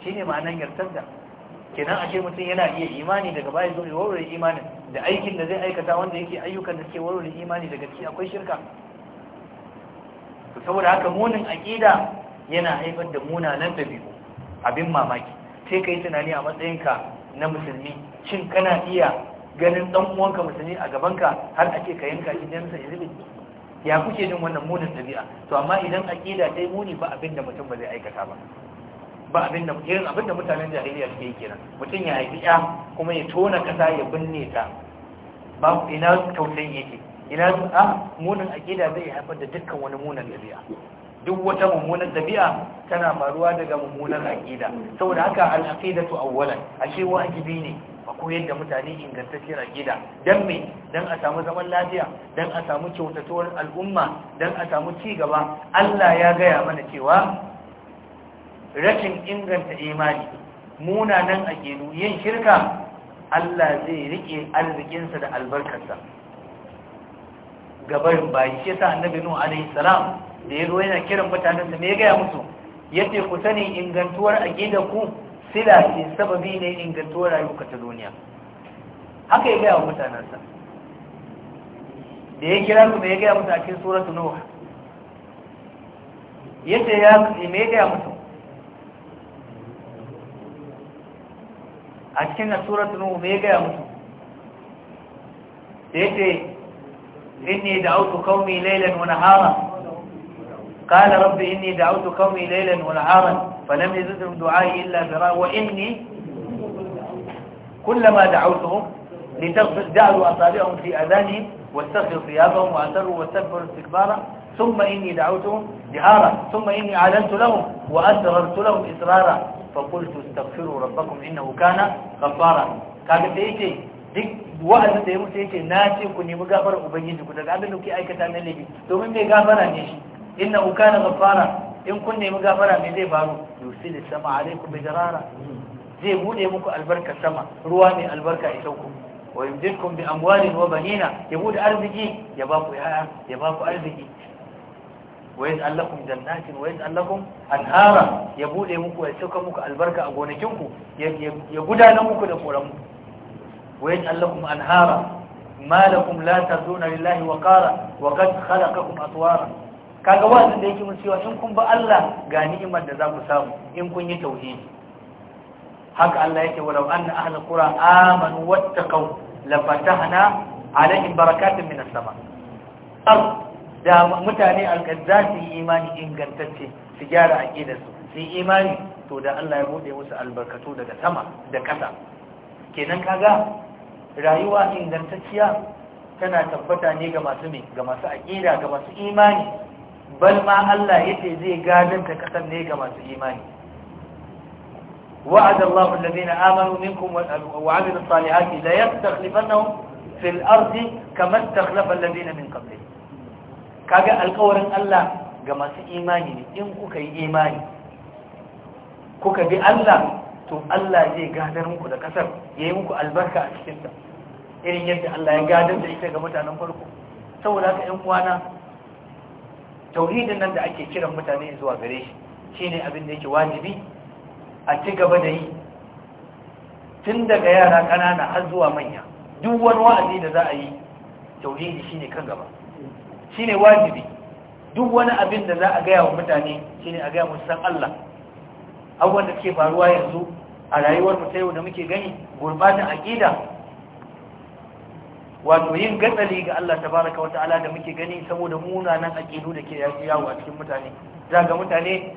shine ma'anar yartadda kenan ashe mutum yana iya imani daga baya zo warware imanin da aikin da zai aikata wanda yake ayyukan da suke warware imani daga ciki akwai shirka to saboda haka munin aqida yana haifar da munanan dabi'u abin mamaki sai kai tunani a matsayinka na musulmi shin kana iya ganin dan uwanka musulmi a gabanka har ake ka yanka shi dan sai zubi ya kuke jin wannan munin dabi'a to amma idan aqida dai muni ba abin da mutum ba zai aikata ba ba abin da irin abin da mutanen suke yi kenan mutum ya haifi ya kuma ya tona kasa ya binne ta ba ina tausayi yake ina su, a munin akida zai haifar da dukkan wani munin dabi'a duk wata mummunan dabi'a tana faruwa daga mummunan akida saboda haka al-aqidatu awwalan ashe wajibi ne a koyar da mutane ingantacciyar akida dan me dan a samu zaman lafiya dan a samu kyautatuwar al'umma dan a samu ci gaba Allah ya gaya mana cewa rashin inganta imani munanan a genu yin shirka Allah zai rike arzikinsa da albarkarsa gabarin bayan shi yasa annabi nuhu alaihi salam da ya zo yana kiran mutanensa me ya gaya musu yace ku sani ingantuwar aqida ku sila ce sababi ne ingantuwar rayuwar ta duniya haka ya gaya wa sa da ya kira su me ya gaya musu a cikin suratul nuh yace ya me ya gaya musu అచ్చిన సూరత్ను వేగే అవుతు ఏతే إني دعوت قومي ليلا ونهارا. قال ربي إني دعوت قومي ليلا ونهارا فلم يزدهم دعائي إلا ذراء وإني كلما دعوتهم لتغفر جعلوا أصابعهم في أذانهم واستغفروا ثيابهم وأسروا واستكبروا استكبارا ثم إني دعوتهم جهارا ثم إني أعلنت لهم وأسررت لهم إسرارا فقلت استغفروا ربكم انه كان غفارا kaga da yake duk wa'azin da ya mutu yake na ce ku nemi gafara ubangiji ku daga abin da kuke aikata na laifi domin mai gafara ne shi in inna ukana gafara in kun nemi gafara me zai faru yusil sama alaikum jarara zai bude muku albarka sama ruwa mai albarka ya sauko wa yumdidkum bi amwalin wa banina ya bude arziki ya ba ku yaya ya ba ku arziki wayaz allakum jannatin wayaz allakum anhara ya bude muku ya sauka muku albarka a gonakinku ya gudanar muku da koran muku wayaz allakum anhara malakum lakum la tazuna lillahi wa qara wa qad khalaqakum atwara kaga wannan da yake mun cewa in kun ba Allah ga ni'imar da za ku samu in kun yi tauhidi haka Allah yake walau anna ahlul qura amanu wattaqu la fatahna alaihim barakatun minas sama da mutane alƙad za su yi imani ingantacce su gyara a da su yi imani to da Allah ya buɗe musu albarkatu daga sama da ƙasa kenan kaga rayuwa ingantacciya tana tabbata ne ga masu ne ga masu aƙida ga masu imani bal ma Allah ce zai gadin ta kasan ne ga masu imani wa'ada Allahu alladhina amanu minkum wa 'amilu salihati la yastakhlifannahum fil ardi kama istakhlafa alladhina min qablihim kaga alkawarin Allah ga masu imani ne in kuka yi imani kuka bi Allah to Allah zai gadar muku da kasar yayi muku albarka a cikin ta irin yadda Allah ya gadar da ita ga mutanen farko saboda haka ƴan uwana tauhidin nan da ake kiran mutane zuwa gare shi shine abin da yake wajibi a ci gaba da yi tun daga yara ƙanana har zuwa manya duk wani wa'azi da za a yi tauhidi shine kan gaba shine wajibi duk wani abin da za a gaya wa mutane shine a gaya musu san Allah abubuwan da ke faruwa yanzu a rayuwar mu ta yau da muke gani gurbatan aqida wato yin gatsali ga Allah ta tabaraka ala da muke gani saboda munanan aqidu da ke yawo a cikin mutane za ga mutane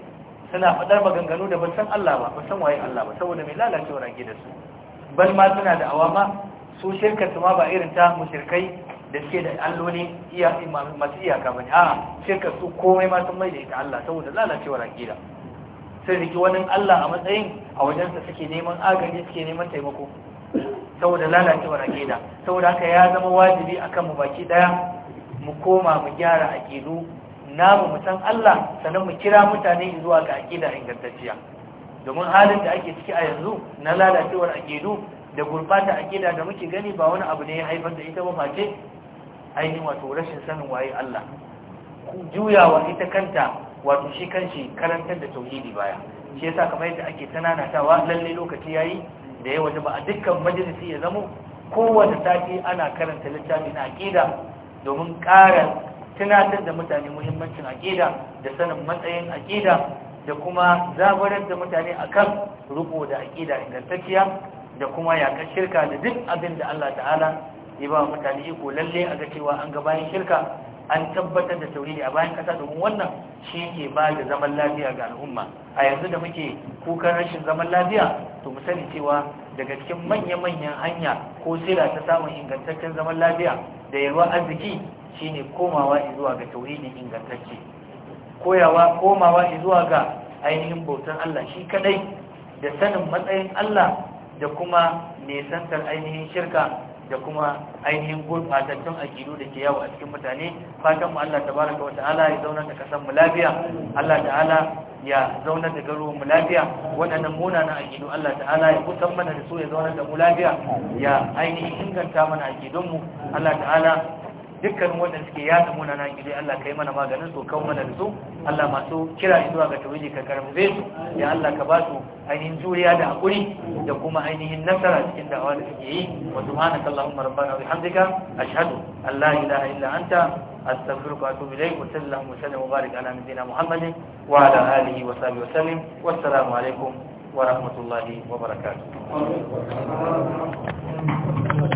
suna fadar maganganu da ban san Allah ba ban san waye Allah ba saboda mai lalacewar su. bal ma suna da awama su shirkar su ma ba irin ta shirkai. da suke da alloli masu iyaka ba ne a shirka su komai ma sun mai da ita Allah saboda lalacewar akida sai riki wani Allah a matsayin a wajensa suke neman agaji suke neman taimako saboda lalacewar akida saboda haka ya zama wajibi akan mu baki daya mu koma mu gyara akidu namu mu san Allah sannan mu kira mutane zuwa ga akida ingantacciya domin halin da ake ciki a yanzu na lalacewar akidu da gurbata akida da muke gani ba wani abu ne ya haifar da ita ba face ainihin wato rashin sanin waye Allah Juya wa ita kanta wato shi kanshi karantar da tauhidi baya shi yasa kamar yadda ake tananatawa lalle lokaci yayi da ya waje ba a dukkan majalisi ya zamo kowace sati ana karanta littafi na aqida domin ƙara tunatar da mutane muhimmancin aqida da sanin matsayin aqida da kuma zaburar da mutane akan rubo da aqida ingantacciya da kuma yakan shirka da duk abin da Allah ta'ala ya ba mutane iko lalle a ga cewa an ga bayan shirka an tabbatar da tauridi a bayan kasa domin wannan shi ke ba da zaman lafiya ga al'umma a yanzu da muke kukan rashin zaman lafiya to mu sani cewa daga cikin manya-manyan hanya ko sira ta samun ingantaccen zaman lafiya da yalwa arziki shine komawa zuwa ga da ingantacce koyawa komawa zuwa ga ainihin bautan Allah shi kadai da sanin matsayin Allah da kuma nesantar ainihin shirka da kuma ainihin gurbatattun aƙidu da ke yawo a cikin mutane fatan mu Allah tabaraka wata'ala ya zauna da kasan mulafiya Allah ta'ala ya zauna da garuwan mu lafiya waɗannan munanan aƙidu Allah ta'ala ya kusan mana da su ya zauna da mu lafiya ya ainihin inganta mana a mu Allah ta'ala dukkan wanda suke ya samu na nan gidi Allah kai mana maganin su kawo mana da su Allah masu kira zuwa ga tawiji ka karbe su ya Allah ka ba su ainihin juriya da hakuri da kuma ainihin nasara cikin da'awa da suke yi wa subhanaka allahumma rabbana wa bihamdika ashhadu an la ilaha illa anta astaghfiruka wa atubu ilayk wa sallallahu wa sallam wa barik ala nabiyyina muhammadin wa ala alihi wa sahbihi wa sallam wassalamu alaikum wa rahmatullahi wa barakatuh